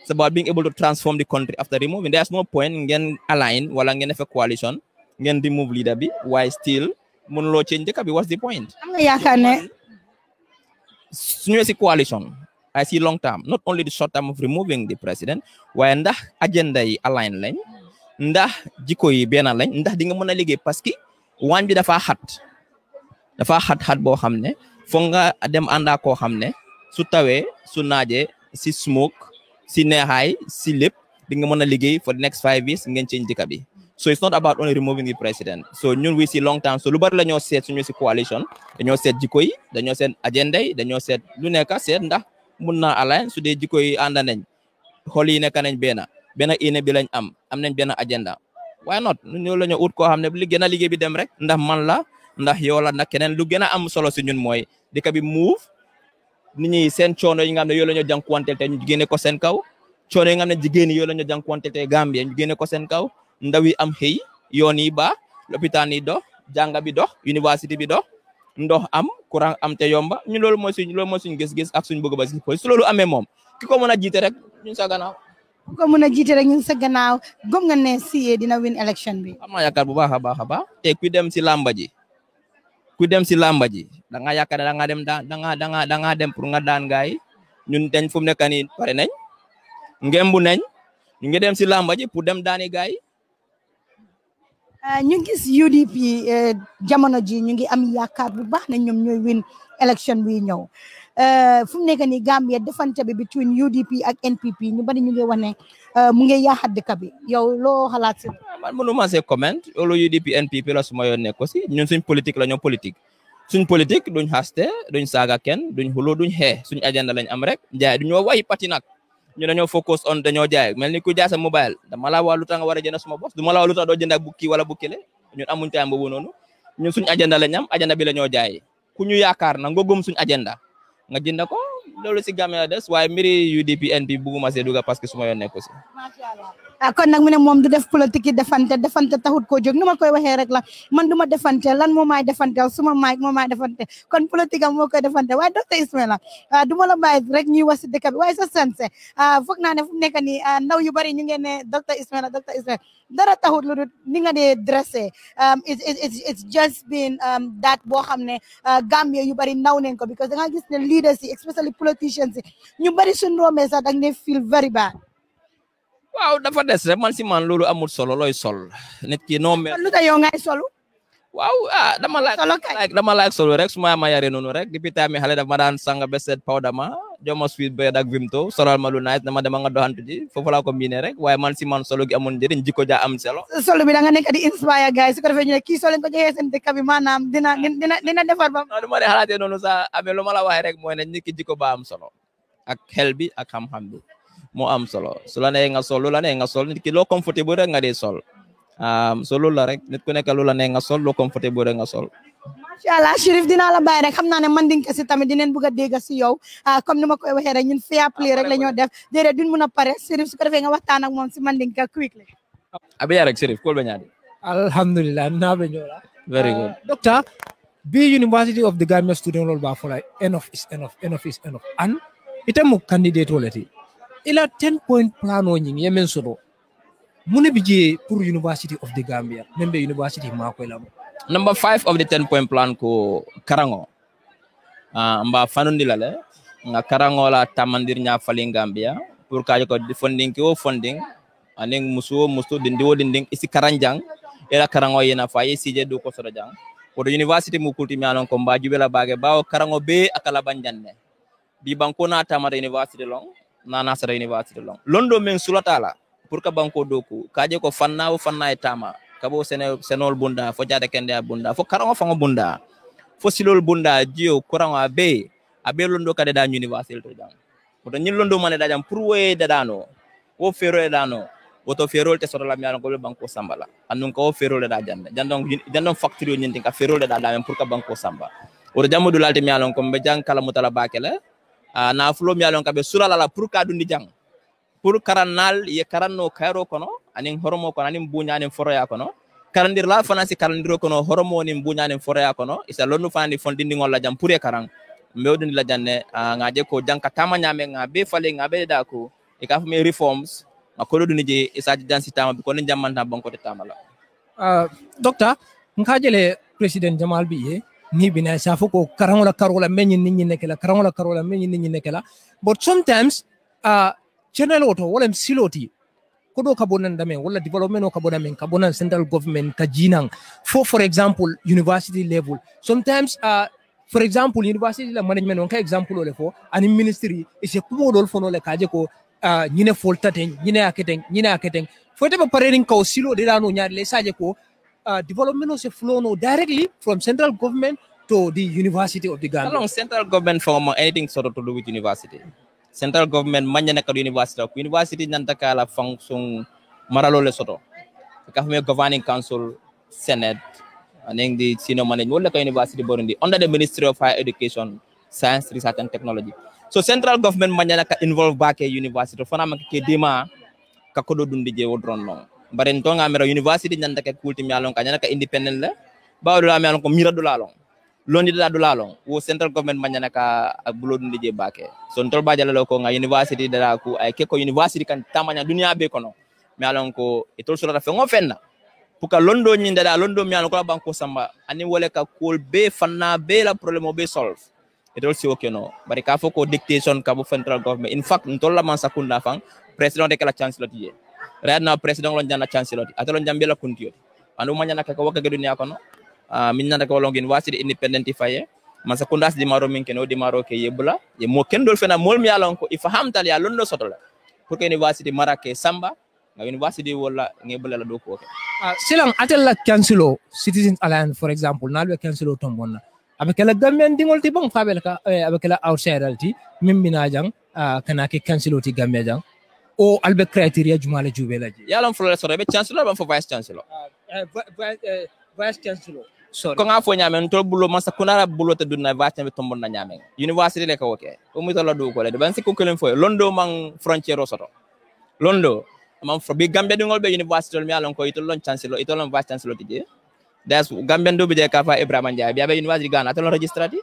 it's about being able to transform the country after removing there's no point ngen align wala ngen defe coalition ngen remove leader bi why still mënuloo change dëkk bi what's the point. am nga yaakaar ne. su ñëwee si coalition. I see long term not only the short term of removing the president waaye ndax agenda yi align lañ ndax jikko yi benn lañ ndax di nga mën a liggéey parce que waañ bi dafa xat dafa xat xat boo xam ne foog nga dem àndaa koo xam ne su tawee su naaje si smoke si neexaay si lépp di nga mën a liggéey for the next five years ngeen change dëkk bi so it's not about only removing the president so ñun we see long term so lu bari la ñoo seet suñu si coalition dañoo seet jikko yi dañoo seet agenda yi dañoo seet lu nekk seet ndax mun naa align su dee jikko yi ànd nañ xol yi nekk nañ benn benn ine bi lañ am am nañ benn agenda why not ñun la ñu ut koo xam ne li gën a liggéey bi dem rek ndax man la ndax yow la nag keneen lu gën a am solo si ñun mooy dëkk bi move nit ñi seen coono yi nga xam ne yow la ñu jànkuwanteel te ñu génne ko seen kaw coono yi nga xam ne jigéen yi yow la ñu jànkuwanteel te Gambie génne ko seen kaw ndawi am xëy yoni ba l'hôpital ni yi dox jàng bi dox université bi dox ndox am courant am te yomba ñu loolu mo suñu loolu mo suñu gis-gis ak suñu bëgg ba si police su loolu amé mom ki ko mën a rek ñun sa gannaaw ku ko mën a rek ñun sa gannaaw gom nga né CA dina win election bi am naa yaakaar bu baaxa baaxa ba té ku dem ci lamba ji ku dem ci lamba ji da nga yakkar da nga dem da nga da nga da nga dem pour nga daan gaay ñun dañ fu nekkani paré nañ ngembu nañ ñu ngi dem ci lamba ji pour dem daani gaay Euh, ñu gis UDP euh, jamono ji ñu ngi am yaakaar bu baax na ñoom ñooy win election bi ñëw euh, fu mu nekk nii Gambia defante bi between UDP ak NPP ñu bari ñu ngi wax ne mu ngi yaaxat dëkk bi yow loo xalaat si. Ah, man mënuma see comment loolu UDP NPP la suma yoon nekk aussi ñun suñ politique la ñoo politique suñ politique duñ xaste duñ saaga kenn duñ xuloo duñ xee suñ agenda lañ am rek jaay duñoo way pati nag. ñu dañoo focus on dañoo jaay mel ni ku jaay sa mobile dama laa waa lu tax a jënd suma bos du ma laa waa lu tax doo jënd ak bukki wala ñun amuñ time boobu noonu ñun suñ agenda lañ am agenda bi la ñoo jaay ku ñu yaakaar na nga gëm suñ agenda nga jënd ko loolu si Gambia la des waaye mbiri UDP NP bugguma see dugg parce que suma yoon nekku si Ah, kon nag mu ne moom di def politique yi defante defante taxut koo jóg nu ma koy waxee rek la man du ma defante lan moo maay defanteel su ma maay moo maay defante kon politique am moo koy defante waaye docteur Ismaila ah, du ma la rek ñi wax si dëkk bi waaye sa sense ah, foog naa ne fu mu nekk nii ndaw yu bari ñu ngeen ne docteur Ismaila docteur Ismaila dara taxut lu dul ni nga dee dressé um, it's it's just been um, that boo xam ne Gambia yu bari naw nañ ko because da nga gis ne leaders yi especially politicians yi ñu bari suñ roomee sax dag ne feel very bad waaw dafa des rek man si man loolu amul solo looy sol net ki noo mel. lu tax yow ngay solu. waaw ah dama laaj dama solo rek su ma ma yaree noonu rek depuis tamit xale dafa ma daan sanga ba seet pawda ma joma sweet bread ak vimto solal ma lu naaj dama dama nga doxantu ji foofu laa ko miine rek waaye man si man solo gi amul njëriñ jikko ja am solo solo bi da nga nekk di inspire gars yi su ko defee ñu ne kii solo ko joxee seen dëkk bi maanaam dina dina defar ba non ma de xalaatee noonu sax amee lu ma rek mooy ne nit ki jikko ba am solo ak xel bi ak xam bi mo am solo su la nee nga sol lu la nee nga sol nit ki lo comfortable rek nga dee sol so loolu la rek nit ku nek lu la nga sol lo comfortable rek nga sol allah Chérif la bay rek xam naa ne mandinka si tamit dineen bëgg a dégg si yow ah, comme nima koy waxee rek ñun fair play ah, rek lañu def déedéet duñ mëna paré Sherif su ko defee nga waxtaan ak moom si mandinka quick la abiya rek Sherif ko ba alhamdullilah alhamdulillah bañu la very good ah, docteur Bi university of the Gambia student loolu baa fola enough is enough enough is enough and itamu candidate wolati il a 10 point plan o nyingi yemen sodo mune bije pour university of the gambia membe university mako la number 5 of the 10 point plan ko karango uh, mba fanundi lale nga karango la tamandir nya fali gambia pour ka ko funding ko funding aning musu musto dindi wo dinding isi karanjang Ila karango yena fa yesi je do ko sodo jang ko university mu kulti mi anon ko mba jubela bage bawo karango be akala banjanne bi banko na tamara university long nana sara university long londo men sulata la pour ka banko doku kaje ko fanna o fanna e tama kabo sene senol bunda fo jade kende bunda fo karango fango bunda fo silol bunda jio kurango abe abe londo kade da university to jam woto nyi londo mane da jam pour we dadano wo fero e dano to fero te soro la mi ko banko sambala anun ko ferol da jande jandon jandon factory o nyinti ka ferol da da men pour ka banko samba wo jamu dulalte mi ko be jang kala mutala bakela Ah, na nafulo mi alon kabe sural la pour ka dundi jang pour karanal ye karanno kairo kono anin horomo kono anin bunya anin foroya kono karandir la fana si karandiro kono horomo anin bunya anin foroya kono isa lonu fana ni fondindi ngol la jam pour karang meodun la janne uh, ah, ngaje ko ka tama nyame ngabe fale ngabe da ko e ka fami reforms ma ko do je isa si tama bi ko ni jamanta bonko de tama la uh, ah, docteur ngajele president jamal ye ni bina sa fo ko karangola karola menyin ni nyine kala karangola karola menyin ni nyine kala but sometimes uh channel auto wala msiloti kodo kabonan dame wala development o kabonan men kabonan central government kajinang for for example university level sometimes uh for example university la management on ka example ole fo ani ministry ise kumo dol fo no le kaje ko uh, nyine foltaten nyine aketen nyine aketen fo te ba parenin ka osilo de la no nyaar le saje ko Uh, development of Seflono directly from central government to the University of the Gambia? Along central government from anything sort of to do with university. Central government manyanaka university of university nantakala function maralole soto. The governing council, senate, and then the senior management, all the university borundi under the Ministry of Higher Education, Science, Research and Technology. So central government manyanaka involved back a university. Fanamaka kedema kakodo dundi je wodron long. baren to nga mero university nyan ke kulti mialong alon kanyana independent independent ba wadu la mialong ko mira do la londi da la central government manyana ka bulo dun dije bake son tol baja la ko nga university dala ku ai ke ko university kan tamanya dunia be kono mialong ko itul sura fe ngo na puka londo nyinda da londo mialong alon bangko banko samba ani wole ka kul be fanna be la problemo be solve etol si no bari ka foko dictation ka bu central government in fact ntol la man sakunda fang president de kala chance la rena president lon janna chancellor ati lon jambela kuntiyo andu manya nakaka waka ga dunya kono uh, ah, min nan ko longin di independent faye man sa kundas di maro min keno oh, di maro ke yebula ye mo dol fena mol mi alon ko ifa hamtal ya londo sotola pour wasi di marake samba nga di wala ngebla la do ko ke ah, silang atel la chancellor citizens alliance for example nalwe chancellor tombonna avec la gambian dingol ti bang fabel ka eh, avec la outsider ti min binajang uh, ah, kanake chancellor ti gambia jang o albe criteria jumala jubela Ya, lam fulo so be chancellor ban fo vice chancellor ah, eh, eh, vice chancellor sorry ko nga fo nyame to bulo masa kunara bulo te dunna vice chancellor tombon na nyame university le ka woke o mu to do ko le ban sikko fo londo mang frontier soto londo mang fro bi gambe dingol be university mi alon ko itolon chancellor itolon vice chancellor tije that's gambe do be je ka fa ibrahima ndiaye be university gana atolon registrati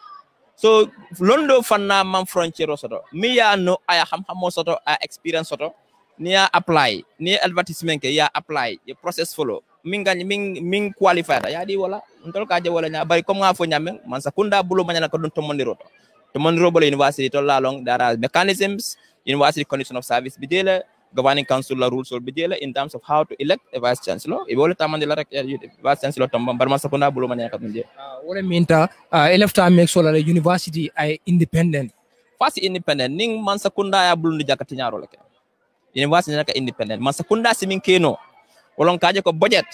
so londo fana man frontier soto Me ya no aya xam xam soto a experience soto ni ya apply ni advertisement ke ya apply ye process follow Minga ni ming ming qualified. ya di wala ntol ka wala nya bari comme nga fo nyame man sakunda bulo manyana ko don to mondiro bolo university tola la long dara mechanisms university condition of service bidele governing council rules will be in terms of how to elect a vice chancellor. man tamandela rek eh, vice chancellor tamba barma sapona bulo manya katunje. Ah, Wole minta ah, elect time make sure the university is independent. First independent ning man sakunda ya bulu ni jakati nyaro leke. University naka independent. Man sakunda simin keno. Wolon kaje ko budget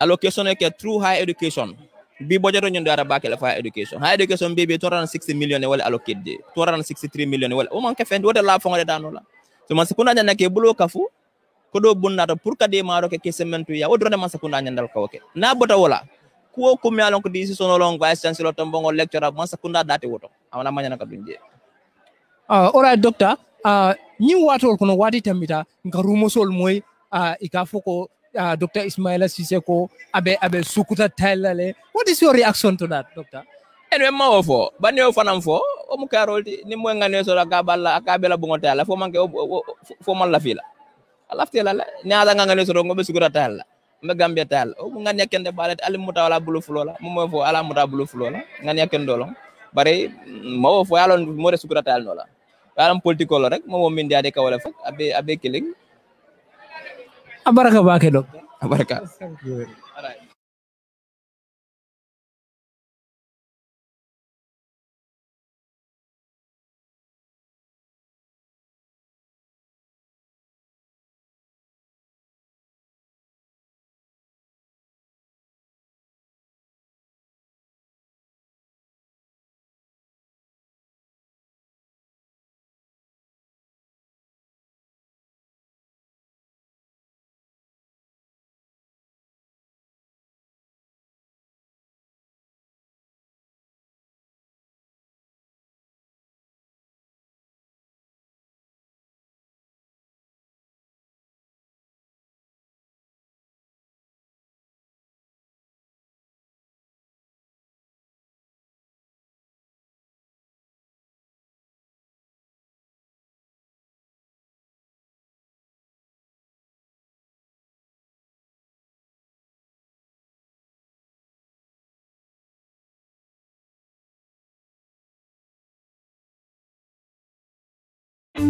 allocation ke through higher education. Bi budget on yondara ba kala higher education. Higher education bi bi 260 million wala allocate de. 263 million wala. O man ka fen do da la fonga da no la. to man sakunda nyanda ke bulo kafu kodo to pour kadi maaro ke sementu ya wodrode man sakunda ko ke na bota wala ko ko mi alon ko disi decision olon vice chancellor tombongo lecture man sakunda date woto amana manyana ka dunje uh, ah, all right doctor uh, ni watol kono wadi tamita ngaru mosol moy uh, ika foko uh, docteur ismaila sise ko abe abe sukuta talale what is your reaction to that doctor enwe ma wo fo banne fanam fo o mu karolti ni mo ngane a la kabala a bungo tala fo manke fo man la fila alafti la ni ada ngane so ngobe sugura tala mbe gambia tala o mu ngane kende balet ali muta wala bulu fulola mo mo fo ala muta bulu fulola ngane kende dolon bare mo fo ala mo re sugura tala nola a politiko lo rek mo mo min diade kawale fuk abe abe kiling abaraka ba ke dok abaraka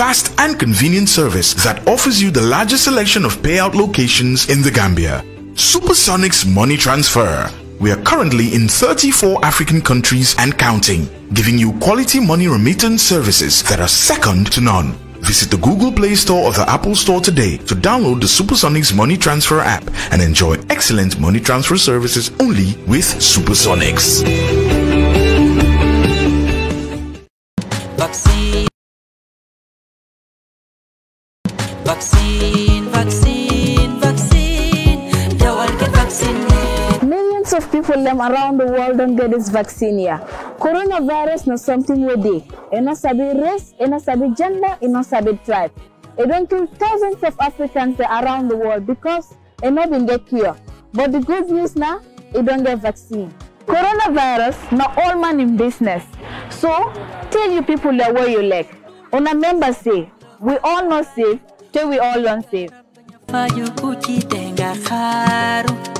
fast and convenient service that offers you the largest selection of payout locations in the Gambia. Supersonics Money Transfer. We are currently in 34 African countries and counting, giving you quality money remittance services that are second to none. Visit the Google Play Store or the Apple Store today to download the Supersonics Money Transfer app and enjoy excellent money transfer services only with Supersonics. That's them around the world don't get this vaccine here. Coronavirus not something we do. It not sabi race, it not sabi gender, it not sabi tribe. It don't kill thousands of Africans around the world because it not been get cure. But the good news now, it don't get vaccine. Coronavirus not all man in business. So tell you people the where you like. On a member say, we all not safe till we all unsafe. safe.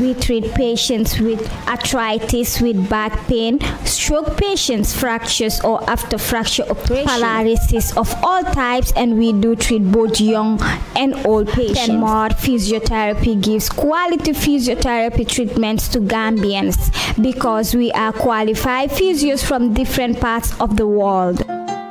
We treat patients with arthritis, with back pain, stroke patients, fractures or after fracture operation, paralysis of all types, and we do treat both young and old patients. More Physiotherapy gives quality physiotherapy treatments to Gambians because we are qualified physios from different parts of the world.